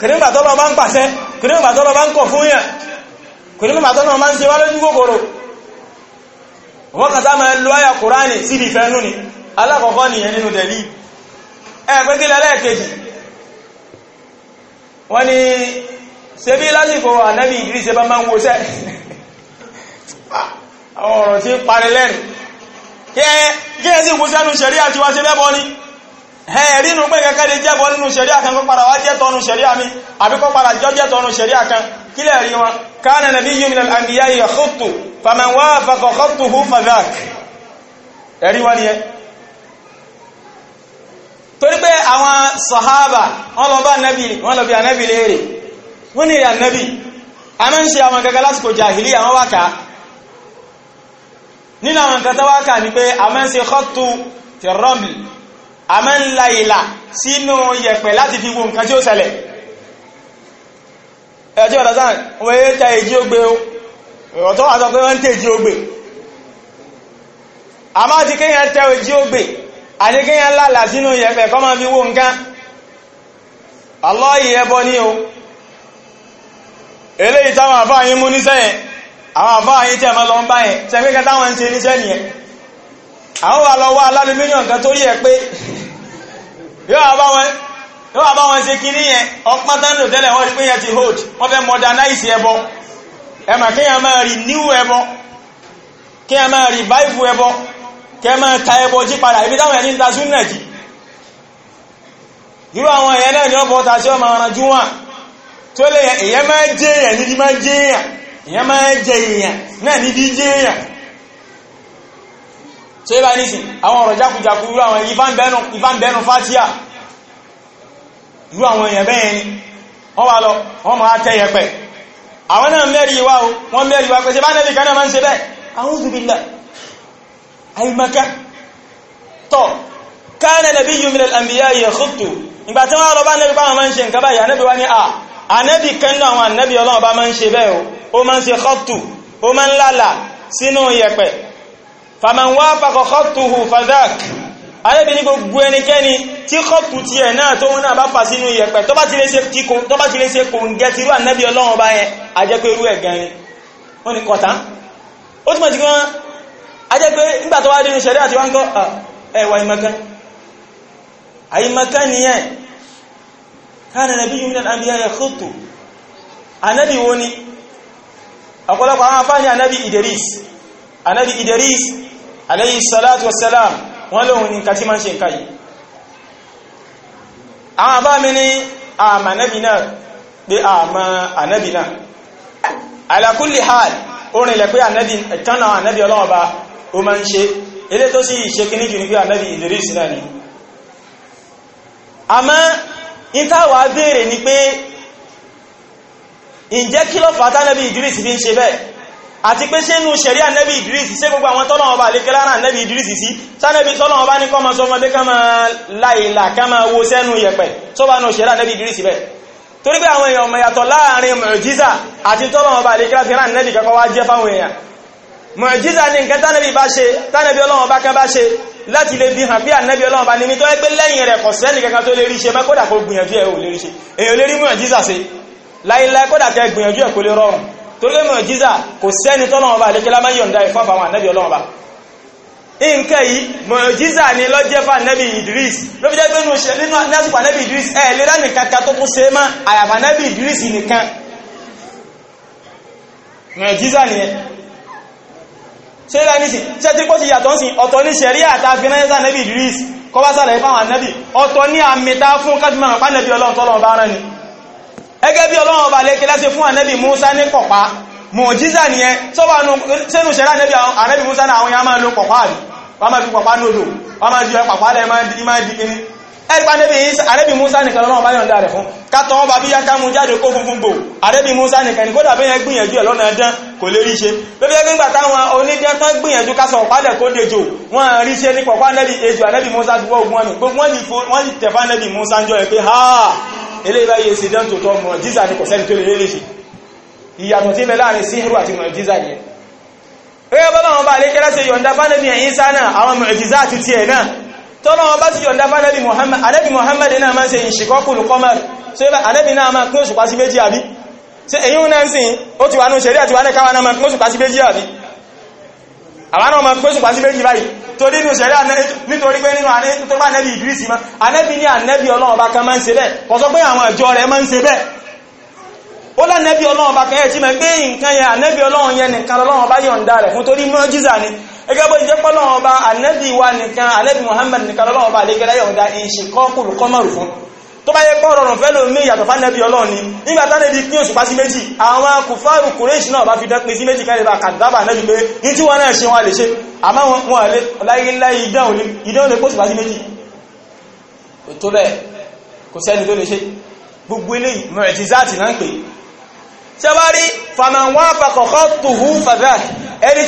kìrìngbà tọ́lọ bá ń pàṣẹ kìrìngbà tọ́lọ bá ń kọ̀ fún yẹn kìrìngbà tọ́lọ bá ń ṣe wá lójú kòkòrò wọ́n kàtà máa lọ àyà kùránì síbi ìfẹ́nú ni alákọ̀ọ́kọ́ nìyẹn nínú tẹ̀lí ẹ̀ẹ́pẹ́gílẹ̀ lẹ́ẹ̀kejì wọ́n ni ṣe bí lásìkò ànábì ìdírí ṣe bá máa ń wo sẹ́ àwọn ọ̀rọ̀ tí parí lẹ́nu kí ẹ sí wo sẹ́nu ṣẹ̀rí àti ni ẹ̀rí nù pé kẹ́kẹ́ lè jẹ́bọ nínú ṣẹ̀ríà kan kó padà wá jẹ́ tọ́nu ṣẹ̀ríà mi àbí kó padà jọ jẹ́ tọ́nu ṣẹ̀ríà kan kí lè rí wọn kana nabiyyu min al-anbiya yakhuttu faman wafaqa khattahu fadhak ẹ̀rí wọn yẹ torí pé àwọn sàhábà wọn lọ bá nẹ́bì wọn lọ bí anẹ́bì léèrè wọn ni anẹ́bì a máa ń ṣe àwọn gẹ́gẹ́ lásìkò jàhìlì àwọn wákà nínú àwọn nǹkan tó wákà ni pé a máa ń ṣe khattu fi ramli a máa ń la ìlà sínú yẹ̀pẹ̀ láti fi wo nǹkan tí ó ṣẹlẹ̀ ẹjọ́ ọ̀dásán wọ́n yẹ́ ta èjì ó gbé o ọ̀tọ́ wà sọ pé wọ́n ń tẹ́ èjì ó gbé a máa ti kéyàn tẹ́ èjì ó gbé àti kéyàn lálà sínú yẹ̀pẹ̀ kọ́ máa fi wo nǹkan Allah ẹbọ ní o eléyìí táwọn àfáàyí mú níṣẹ́ yẹn àwọn àfáàyí tí a mọ́ lọ ń báyẹn tẹ́gbẹ́gẹ́ táwọn ń ṣe níṣẹ́ nìyẹn àwọn wà lọ wá alálùmíníọ̀n kan tó rí pé yóò bá wọn yóò bá wọn ṣe kiri yẹn ọpọ́n tán ya tẹ́lẹ̀ wọ́n pé yẹn ti hold wọ́n fẹ́ modernize ẹbọ ẹmà kí yẹn máa rí new ẹbọ kí yẹn máa rí bible ẹbọ kí máa ta ẹbọ jí padà ibi táwọn ẹni ń ta súnà jì irú àwọn ẹ̀yẹn náà ni wọ́n ta sí ọmọ wọn tó lè máa níbi máa máa jẹ náà níbi so yíba nísìn àwọn ọ̀rọ̀ jákùjákù rú àwọn ìfàǹbẹ̀ẹ́nu fátíà rú àwọn èèyàn bẹ́ẹ̀ ni wọ́n wá lọ wọ́n máa tẹ́yẹ pẹ̀ àwọn náà mẹ́rin ìwá o wọ́n mẹ́rin ìwá pẹ̀ sí bá nẹ́bì kan náà máa ń ṣe bẹ́ẹ̀ a'udhu billah àìmọ́ká tọ́ kana nabiyyun minal anbiya yakhuttu ìgbà tí wọ́n lọ bá nẹ́bì pàwọn máa sínú yẹ̀pẹ̀ faman wafaqa khattuhu fadhak alẹ́bìn ní gbogbo ẹnikẹ́ni tí kọ́pù ti ẹ̀ náà tó wọ́n náà bá fà sínú ìyẹ̀pẹ̀ tó bá ti lè ṣe kò ń gẹ́ ti rú ànẹ́bí ọlọ́run bá yẹn ajẹ́ pé irú ẹ̀ ni wọ́n ni kọ̀tá ó túnmọ̀ tí wọ́n ajẹ́ pé nígbà tó wá dé ní ṣẹ̀dá àti wọ́n kọ́ ah, ẹ̀wà ìmọ̀kan àìmọ̀kan nìyẹn káàrin nàbí yìí mílẹ̀ àmì Idris alayhi salatu wassalam wọ́n lóhun ní kàtí ma ń ṣe nǹkan yìí àwọn àbá mi ní àmà nẹ́bì náà pé àmà ànẹ́bì náà ala kulli hal orin ilẹ̀ pé ànẹ́bì kánà ànẹ́bì ọlọ́ọ̀bá o ma ń ṣe ilé tó sì ṣe kí ní jù ní pé ànẹ́bì Idris náà ni àmọ́ ìtawà béèrè ni pé ǹjẹ́ kí ló fà tánẹ́bì Idris fi ń ṣe bẹ́ẹ̀ àti pé sínú ṣẹ̀rí ànẹ́bì ìdírísì sí gbogbo àwọn tọ́lọ̀ ọba àlékẹ́ lára ànẹ́bì ìdírísì sí sánẹ́bì tọ́lọ̀ ọba ní kọ́mọ sọ ọmọdé ká máa láìlà ká máa wo sẹ́nu yẹ̀pẹ̀ tó bá nù ṣẹ̀rí ànẹ́bì ìdírísì bẹ́ẹ̀ torí pé àwọn èèyàn mọ̀yàtọ̀ láàrin mọ̀jíza àti tọ́lọ̀ ọba àlékẹ́ láti rán ànẹ́bì kankan wá jẹ́ fáwọn èèyàn mọ̀jíza ni nǹkan tánẹ́bì bá ṣe tánẹ́bì ọlọ́run ọba kan bá ṣe láti lè fi hàn bí ànẹ́bì ọlọ́run ọba níbi tó ẹgbẹ́ lẹ́yìn rẹ̀ kọ̀ sẹ́nì kankan tó lè rí ṣe mẹ́kọ́dà kó gbìyànjú ẹ̀ ò lè rí ṣe èèyàn lè rí mọ̀jíza ṣe láìláì kọ́dà kẹ́ gbìyànjú ẹ̀ kó lè rọrùn torípé mọ̀jíza kò sẹ́ni tọ́nà ọba àlékẹ́lá máa yọ̀ǹda ìfún àbáwọn ànábì ọlọ́run ọba nǹkan yìí mọ̀jíza ni lọ́jẹ́ fún ànábì Idris ló fi jẹ́ pé nínú àsìkò ànábì Idris ẹ̀ lè rá nìkan ká tó kún Idris nìkan mọ̀jíza nìyẹn ṣé ìlànà ìsìn ṣé tí kò ti yàtọ̀ ń sìn ọ̀tọ̀ ní Idris kọ́ bá sàlẹ̀ fáwọn ànábì ọ̀tọ̀ ní àmì tá fún kájúmọ̀ àpánẹ́bí ọlọ́run ẹgẹ́ bí ọlọ́run ọba lẹ́kẹ́ lẹ́sẹ̀ fún ànẹ́bì Musa ní pọ̀pá mọ̀jíza nìyẹn sọ́bà sẹ́nu ṣẹ̀rá ànẹ́bì Musa náà àwọn ya máa lo pọ̀pá rí wọ́n máa fi pọ̀pá nódò wọ́n máa fi pọ̀pá lẹ́ máa di kíní ẹgbà ànẹ́bì Musa nìkan lọ́nà ọba yọ̀nda rẹ̀ fún kátọ̀ ọba bí yáká mú jáde kó funfun gbò ànẹ́bì Musa nìkan ní kódà bẹ́yẹn gbìyànjú ẹ̀ lọ́nà ẹ̀dán kò lè rí ṣe lóbi ẹgbẹ́ nígbà táwọn onídẹ́ tán gbìyànjú kásọ̀ ọ̀pálẹ̀ kó dejò wọ́n rí ṣe ní pọ̀pá ànẹ́bì ejò ànẹ́bì Musa gbogbo wọn ni gbogbo wọn ni tẹ̀fà ànẹ́bì Musa ń jọ ẹ̀ pé ha eléyìí báyìí ṣe dán tòótọ́ mọ̀jíza ní kọ̀sẹ́ni tó lè lè ṣe ìyàtọ̀ tí mẹ́lá ní síhìrù àti mọ̀jíza yẹn ẹgbẹ́ bọ́lá wọn bá lè kẹ́lá ṣe yọ̀ǹda fánẹ́bì Ìsá náà àwọn mọ̀jíza àti tiẹ̀ náà tọ́lá wọn bá sì yọ̀ǹda fánẹ́bì Muhammad alẹ́bì Muhammad náà máa ń ṣe ìṣìkọ́kùlù kọ́mọ̀r so ibà alẹ́bì náà máa pín òṣùpá sí méjì àbí ṣe èyí náà ń sìn ó ti wà ní òṣèré àti wà ní káwa náà máa pín òṣùpá sí méjì àbí àwọn náà máa pín òṣùpá sí méjì báyìí torí inú nitori nítorí pé nínú ànẹ́bí ìdírísì mọ́ ànẹ́bí ní ànẹ́bí ma bá kan máa ń ṣe bẹ́ẹ̀ kò sọ pé àwọn ìjọ rẹ̀ máa ń ṣe bẹ́ẹ̀ ó lánẹ́bí ọlọ́run bá kẹ́yẹ̀ tí mẹ́ pé nǹkan yẹn ànẹ́bí ọlọ́run yọ̀ǹda rẹ̀ tó bá yẹ pọ́ rọrùn fẹ́lò ní ìyàtọ̀ fánẹ́bí ọlọ́ni nígbà tánà ibi pín òṣùpá sí méjì àwọn kùfàrù kùrẹ́ṣì náà bá fi dẹ́pin sí méjì kẹ́lẹ̀ bá kàdábà nẹ́bí pé ní tí wọ́n náà ṣe wọ́n lè ṣe àmọ́ wọn lè láyéláyé ìdán olè kóṣùpá sí méjì tó bẹ́ẹ̀ kò sẹ́ni tó lè ṣe gbogbo eléyìí mọ̀rẹ̀tìzáàtì náà ń pè ṣẹwárí fàmàwọ́ àpapọ̀kọ́ tòhú fàdá ẹni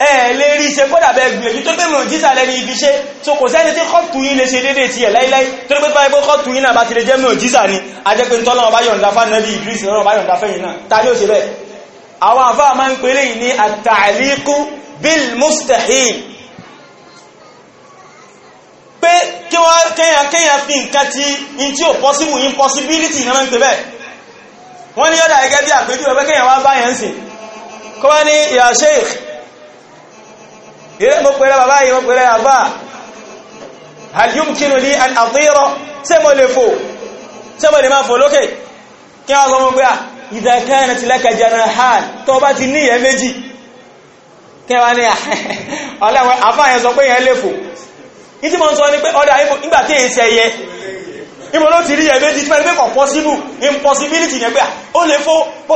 ẹ̀ lè rí ṣe kódà bẹ́ẹ̀ gbìyànjú tó gbẹ̀mù òjísà lẹ́ni ibi ṣe so kò sẹ́ni tí kọ́tù yìí lè ṣe dédé ti ẹ̀ láíláí tó gbé bá ẹgbẹ́ kọ́tù yìí náà bá ti lè jẹ́mù òjísà ni a jẹ́ pé ń tọ́lọ́wọ́ bá yọ̀ǹda fáànà bí Idris lọ́rọ̀ bá yọ̀ǹda fẹ́yìn náà ta ni ó ṣe bẹ́ẹ̀ àwọn àfáà máa ń pè lè ní àtàlíkú bil mustahil pé kí wọ́n kéyàn kéyàn fi nǹkan ti in tí ò possible impossibility náà ń pè bẹ́ẹ̀ wọ́n ní yọ́dà gẹ́gẹ́ bí àpèjú ẹgbẹ́ kéyàn wá báyẹn sìn kọ́ wá ní ya sheikh ìrẹ́ eh, mo pẹ̀lẹ́ bàbá yìí mo pẹ̀lẹ́ bàbá hal yumkinu li an atira ṣé mo lè fò ṣé mo lè máa fò lókè kí wọ́n sọ mọ́ pé ah, idha kanat laka janahan tó bá ti ní ìyẹn méjì kí wọ́n ní ah, ọlẹ́wọ̀n àfáàyàn sọ pé yẹn lè fò ìtí mọ́ sọ ní pé ọdá ìgbàtí impossibility yẹn pé ah, ó lè fò bó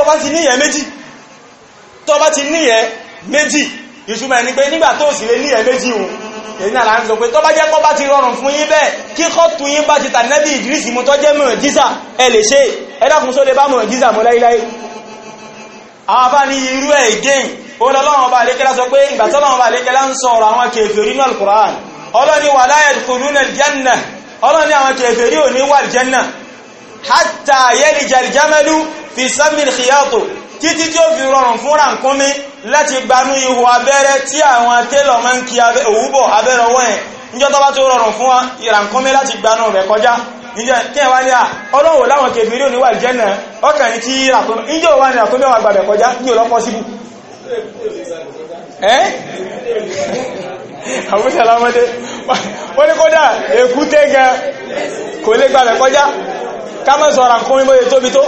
tó bá ti ní yẹ méjì ìṣúmọ̀ ẹni pé nígbà tó sì lé ní ẹ̀mẹ́jì hùn èyí náà láàrín sọ pé tó bá jẹ́ kọ́ bá ti rọrùn fún yín bẹ́ẹ̀ kí kọ́ tún yín bá ti tà nẹ́bí ìdírísì mú tọ́jẹ́ mọ̀ jíza ẹ lè ṣe ẹ̀dàkùn só lè bá mọ̀ jíza mọ́ láíláí àwọn afá ní irú ẹ̀ gẹ́yìn olọ́lọ́wọ́n bá lékẹ́lá títí tí ó fi rọrùn fún ràǹkúnmí láti gbanú ihò abẹ́rẹ́ tí àwọn télọ̀ máa ń kí òwúbọ̀ abẹ́rẹ́ ọwọ́ ẹ̀ níjọ́ tó tó rọrùn fún láti gbanú rẹ̀ kọjá níjẹ́ kí ẹ wá ní à ọlọ́wọ̀ láwọn kèbìrí ò níwà ọkàn ní wá ní wà kọjá ní síbù ẹ́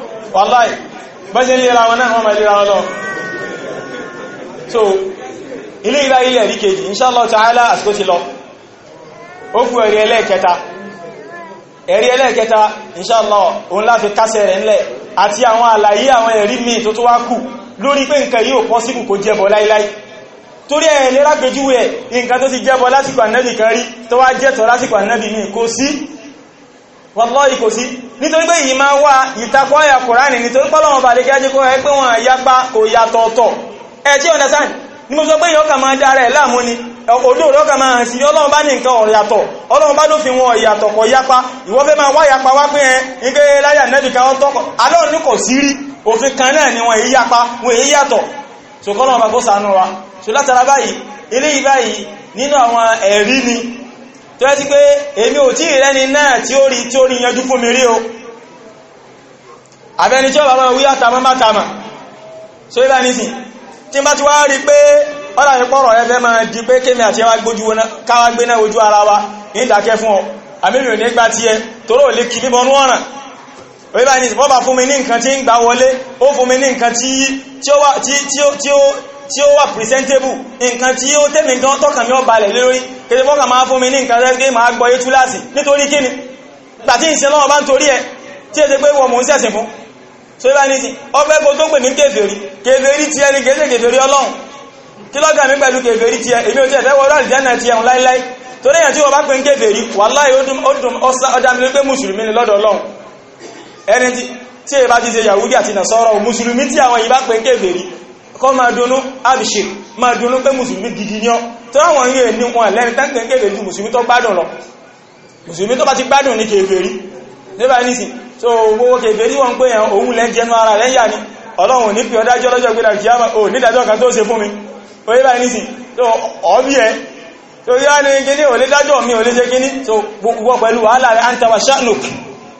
wàláì bẹ́ṣe lera wọn náà wọ́n máa lera wọn lọ so ilé ìlà ilẹ̀ rí kejì inṣàlọ́ tààlà àsìkò ti lọ ó kú ẹ̀rí ẹlẹ́ẹ̀kẹta ẹ̀rí ẹlẹ́ẹ̀kẹta inṣàlọ́ òun láti kásẹ̀ rẹ̀ ńlẹ̀ àti àwọn àlàyé àwọn ẹ̀rí mi tó tó wá kù lórí pé nǹkan yóò pọ́ síkù kò jẹbọ láíláí torí ẹ̀ lera gbejúwẹ̀ nǹkan tó ti jẹbọ lásìkò ànábì kan rí tó wá jẹ́tọ̀ lásìkò ànábì mi kò sí wallahi kò sí nítorí pé yìí máa wá ìtakọ̀ àyà kùránì nítorí pọ́lọ́wọ́n bà lè kẹ́jẹ́ kó ẹ pé wọn àyápá kò yàtọ̀ọ̀tọ̀ ẹ tí ọ̀nà sáà ní mo sọ pé yọ́kà máa dára ẹ̀ láàmú ni odó lọ́kà máa hàn sí ọlọ́run bá ní nǹkan ọ̀yàtọ̀ ọlọ́run bá lófin wọn ọ̀yàtọ̀ kọ̀ yapa ìwọ fẹ́ máa wá yapa wá pé ẹ nígbé láyà nẹ́bì ká ọ́ tọ́kọ̀ alọ́run wa so látara báyìí eléyìí báyìí nínú àwọn ẹ̀rí ni tó yẹ́ sí pé èmi ò tí ìrẹ́ni náà tí ó rí tí ó rí yanjú fún mi rí o àbẹ́ni tí ó bàbá wí àtàmà mátàmà so ibá nísìn tí bá ti wá rí pé ọ́là mi pọ̀rọ̀ ẹfẹ́ máa di pé kémi àti ẹwà gbójú ara wa ní ìdákẹ́ fún ọ àmì orí báyìí nìsí bọ́bà fún mi ní nǹkan tí ń gbà wọlé ó fún mi ní nǹkan tí ó wà presentable nǹkan tí ó tẹ́mì gan tọ́kàn mi ó balẹ̀ lórí kẹsẹ̀ bọ́kà máa fún mi ní nǹkan tẹ́gbé máa gbọ́ yé túláàsì nítorí kíni gbàtí ìsìn lọ́wọ́ bá ń torí ẹ tí ẹ ti pé wọ́n mò ń sẹ̀sìn fún so ibá ní sí ọgbẹ́ kó tó pè ní kèfèrí kèfèrí tí ẹni kèsè kèfèrí ọlọ́run kí lọ́gà mi pẹ̀lú kèfèrí tí èmi ò tí fẹ́ wọ́rọ̀ àlìjẹ́nà tí ẹun láíláí torí èyàn tí wọ́n bá pè ní kèfèrí wàláhì ó dùn ọdá mi pé mùsùlùmí ni lọ́dọ̀ ọlọ́run ẹni tí èyí bá ti ṣe yahudi àti nasọ́rọ̀ musulmi tí àwọn ìbá pẹ̀ kéfèrí kọ́ máa dunú abishir máa dunú pé musulmi gidi ní ọ tó àwọn yìí ẹni wọn lẹ́ni tán pẹ̀ kéfèrí ju musulmi tó gbádùn lọ musulmi tó bá ti gbádùn ní kéfèrí nígbà nísìn so owó kéfèrí wọn pé yàn òun lẹ́ jẹnu ara rẹ̀ yà ni ọlọ́run ní fi ọdájọ́ lọ́jọ́ gbé láti yàmà ò nídàjọ́ kan tó ṣe fún mi ó yíba mi ò lé jẹ́ gíní tó gbogbo pẹ̀lú wàhálà rẹ̀ àǹtàwà shanuk